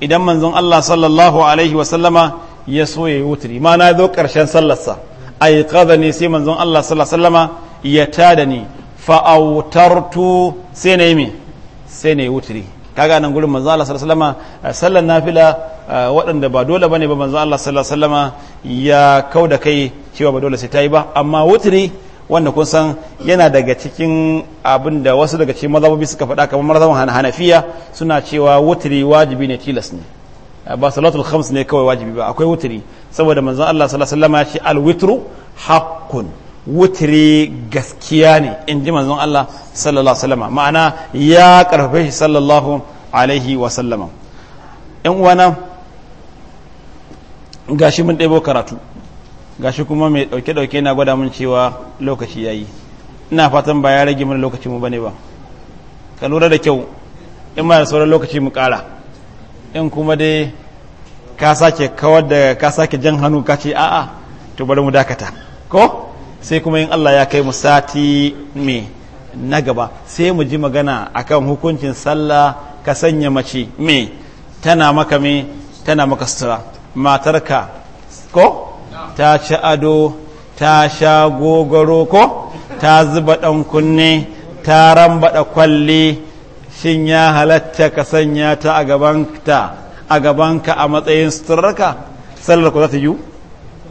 idan manzon Allah sallallahu alaihi wasallama ya so ya yi wuturi ma na zo ƙarshen sallarsa a yi ne sai manzon Allah sallallahu alaihi wasallama ya tada ni fa'autartu sai na yi me sai na yi wuturi kaga nan gurin manzon Allah sallallahu alaihi wasallama sallar nafila ah, waɗanda ba dole bane ba manzon Allah sallallahu alaihi wasallama ya kauda kai cewa ba dole sai ta yi ba amma wuturi wanda kun san yana daga cikin abin da wasu daga cikin mazhabobi suka faɗa kamar mazhabin hanafiya suna cewa wutri wajibi ne tilas ne ba salatul khams ne kawai wajibi ba akwai wutri saboda manzon Allah sallallahu alaihi wasallam ya ce al witru haqqun wutri gaskiya ne in ji manzon Allah sallallahu alaihi wasallam ma'ana ya karfafe shi sallallahu alaihi wasallam in uwana gashi mun ɗebo karatu gashi kuma mai dauke dauke na gwada mun cewa lokaci ya yi ina fatan ba ya rage mana lokacinmu ba ne ba ka lura da kyau in ma da sauran lokaci mu kara in kuma dai ka sake kawar da ka sake jan hannu ka ce a'a to bari mu dakata ko sai kuma in Allah ya kai mu sati me na gaba sai mu ji magana akan hukuncin sallah ka sanya mace me tana maka me tana maka sutura matarka ko ta ci ado ta sha gogaro ko ta zuba ɗan kunne ta rambaɗa kwalli shin ya halatta ka sanya ta a gabanka a gabanka a matsayin suturarka sallar ku za ta yi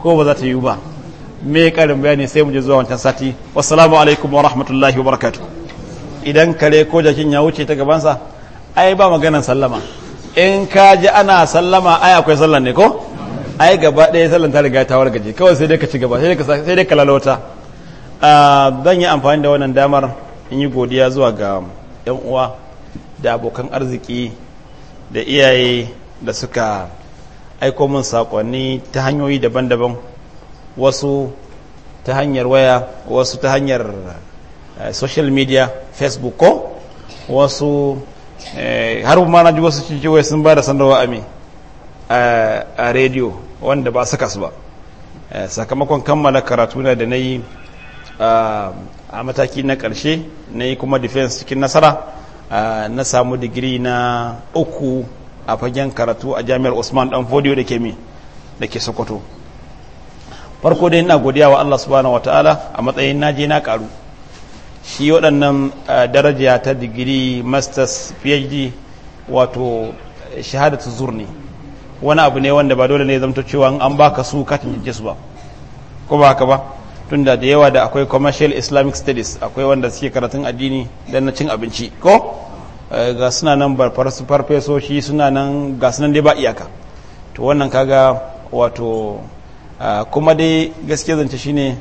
ko ba za ta yi ba me karin bayani sai mu je zuwa wancan sati wassalamu alaikum wa rahmatullahi wa barakatuh idan kare ko jakin ya wuce ta gabansa ai ba maganan sallama in ka ji ana sallama ai akwai sallan ne ko ai gaba ɗaya sallan ta riga ta wargaje kawai sai dai ka ci gaba sai dai ka lalauta ah, zan yi amfani da wannan damar in yi godiya zuwa ga yan uwa da abokan arziki da iyaye da suka aiko min sakonni ta hanyoyi daban-daban wasu ta hanyar waya wasu ta hanyar eh, social media facebook ko wasu eh, har ma na ji wasu cikin sun ba da sanarwa a a rediyo wanda ba saka su ba eh, sakamakon kammala karatu na da na yi a mataki na karshe na yi kuma defense cikin nasara na samu digiri na uku a fagen karatu a jami'ar usman dan fodiyo da ke mi da ke sokoto farko dai yana godiya wa allah subhanahu wataala a matsayin naje na karu shi waɗannan daraja ta digiri masters phd wato shahadatu zur ne wani abu ne wanda ba dole ne zamto cewa an baka su ka cancanci ba ko ba haka ba tunda da yawa da akwai commercial islamic studies akwai wanda suke karatun addini dan na cin abinci ko eh, ga suna nan farfesoshi suna nan ga suna dai ba iyaka to wannan kaga wato kuma dai gaskiya zance shine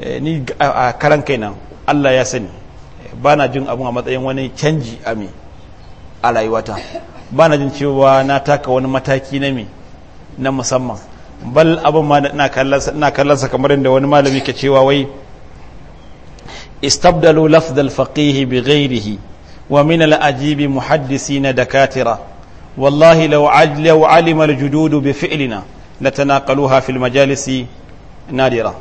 eh, ni a karan kainan Allah ya sani eh, ba na jin abun a matsayin wani canji a a rayuwata ba na jin cewa na taka wani mataki na mi na musamman bal abin ma na kallonsa kamar yadda wani malami ke cewa wai istabdalu lafdal faqihi bi ghairihi wa min ajibi muhaddisina dakatira wallahi law law alima al-jududu bi fi'lina latanaqaluha fil majalisi nadira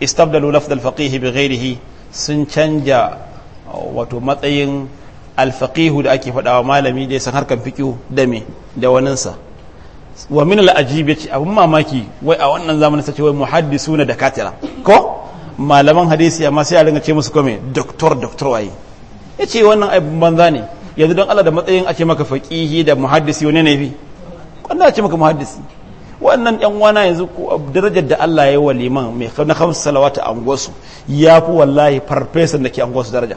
istabdalu lafdal faqihi bi ghairihi sun canja wato matsayin alfaqihu da ake faɗawa malami da ya san harkan fiqhu da me da waninsa wa min al'ajib yace abun mamaki wai a wannan zamani sace wai muhaddisuna da katira ko malaman hadisi amma sai a ringa ce musu kome doctor doctor waye yace wannan abun banza ne yanzu don Allah da matsayin a ce maka faqihi da muhaddisi wani ne bi wannan a ce maka muhaddisi wannan yan wana yanzu darajar da Allah ya yi wa liman mai na kamsu salawata angosu ya fi wallahi farfesan da ke angosu daraja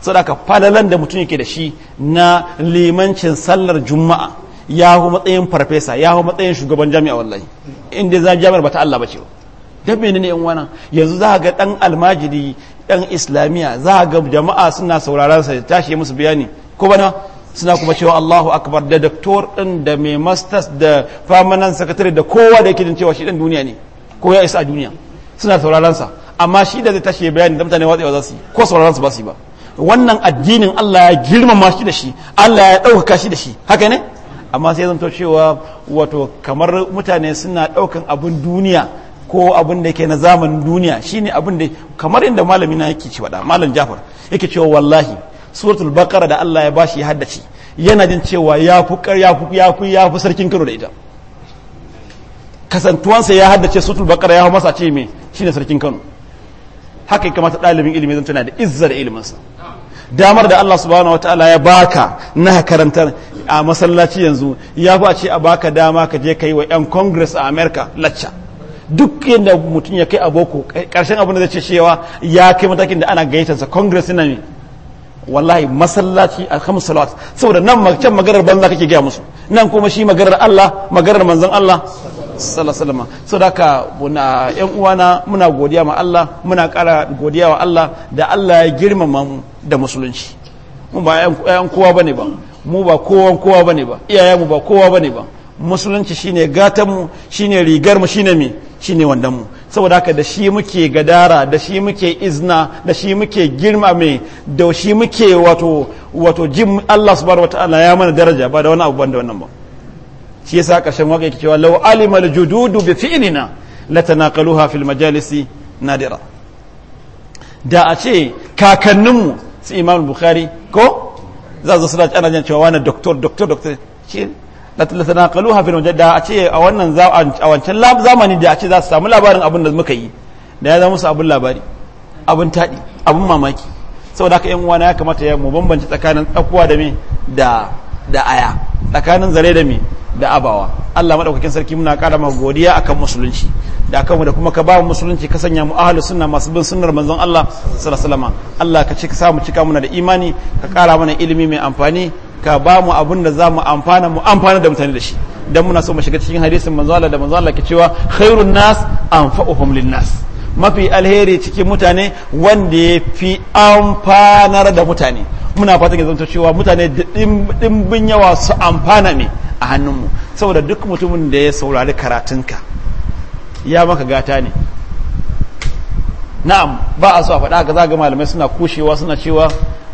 sadaka falalan da mutum yake da shi na limancin sallar juma'a ya hu matsayin farfesa ya hu matsayin shugaban jami'a wallahi inda za jami'ar ta Allah ba don dan menene yan wana yanzu za ga dan almajiri dan islamiyya za ga jama'a suna sauraron sa tashi musu bayani ko bana suna kuma cewa Allahu akbar da doctor din da mai masters da permanent secretary da kowa da yake jin cewa shi dan duniya ne ko ya isa duniya suna sauraron sa amma shi da zai tashi bayani da mutane watsewa za su ko sauraron su ba su ba wannan addinin Allah ya girmama shi da shi Allah ya ɗaukaka shi da shi haka ne amma sai zan to cewa wato kamar mutane suna ɗaukan abin duniya ko abin da ke na zamanin duniya shine abin da kamar inda malami na yake ci wada malam Jafar yake cewa wallahi suratul baqara da Allah ya bashi ya haddace yana jin cewa ya fi ya fi ya fi ya fi sarkin Kano da ita kasantuwansa ya haddace suratul baqara ya masa ce me shine sarkin Kano haka kamata ɗalibin ilimi zan tana da izzar iliminsa damar da Allah subhanahu ta'ala ya baka na karantar a masallaci yanzu ya fi ce a baka dama ka je ka yi wa yan congress a america lacca duk yadda mutum ya kai a boko karshen abin da zai ce cewa ya kai matakin da ana gaitansa congress na ne wallahi masallaci a khamis salawat saboda nan can maganar banza kake gaya musu nan kuma shi maganar Allah maganar manzon Allah sallallahu so daga muna yan uwana muna godiya ma Allah muna kara godiya wa Allah da Allah ya girmama mu da musulunci mu ba yan kowa bane ba mu ba kowan kowa bane ba iyaye mu ba kowa bane ba musulunci shine gatan mu shine rigar mu shine mi shine wandan mu saboda haka da shi muke gadara da shi muke izna da shi muke girma mai da shi muke wato wato jin Allah subhanahu wataala ya mana daraja ba da wani abu ban da wannan ba shi yasa ƙarshen waka yake cewa law alimal jududu bi fi'lina latanaqaluha fil majalisi nadira da a ce kakanninmu su imam bukhari ko za su suna ana jan cewa wani doktor doktor doktor ce latanaqaluha fil majalisi da a ce a wannan a wancan zamani da a ce za su samu labarin abin da muka yi da ya zama musu abin labari abin taɗi abin mamaki saboda haka yan uwana ya kamata ya mu bambance tsakanin tsakuwa da me da da aya tsakanin zare da me da abawa Allah madaukakin sarki muna ƙara maka godiya akan musulunci da kanmu da kuma ka ba mu musulunci ka sanya mu ahlus sunna masu bin sunnar manzon Allah sallallahu alaihi Allah ka cika samu cika muna da imani ka ƙara mana ilimi mai amfani ka ba mu abin da za mu amfana mu amfana da mutane da shi dan muna so mu shiga cikin hadisin manzon Allah da manzon Allah ke cewa khairun nas anfa'uhum lin nas mafi alheri cikin mutane wanda ya fi amfanar da mutane muna fatan ya zanto cewa mutane dimbin yawa su amfana mai a hannunmu saboda duk mutumin da ya saurari karatunka ya maka gata ne na'am ba a so a faɗa ga zaga malamai suna kushewa suna cewa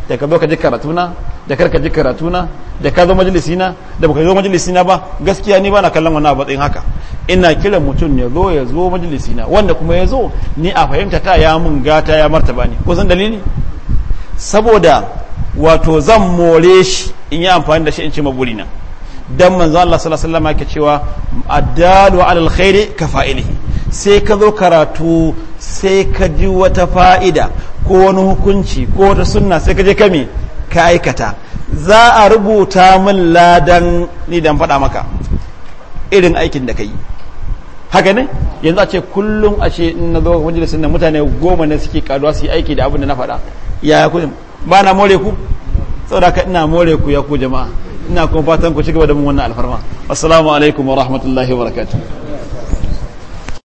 da ka zo ka ji karatuna da karka ji karatuna da ka zo majalisina da baka zo majalisina ba gaskiya ni bana kallon wani batsayin haka ina kiran mutum ya zo ya zo majalisina wanda kuma ya zo ni a fahimta ta ya mun gata ya martaba ni ko san dalili saboda wato zan more shi in yi amfani da shi in ci maburina dan manzo Allah sallallahu alaihi wasallam yake cewa addalu alal khairi ka fa'ilihi sai ka zo karatu sai ka ji wata fa'ida ko wani hukunci ko wata sunna sai ka je kame ka aikata za a rubuta min ladan ni dan faɗa maka irin aikin da ka yi haka ne yanzu a ce kullum a ce na zo majalisun nan mutane goma ne suke karuwa su yi aiki da abin da na faɗa yaya ku ba na more ku saboda ka ina more ku ya ku jama'a ina kuma fatan ku ci gaba da mun wannan alfarma assalamu alaikum wa rahmatullahi wa barakatuh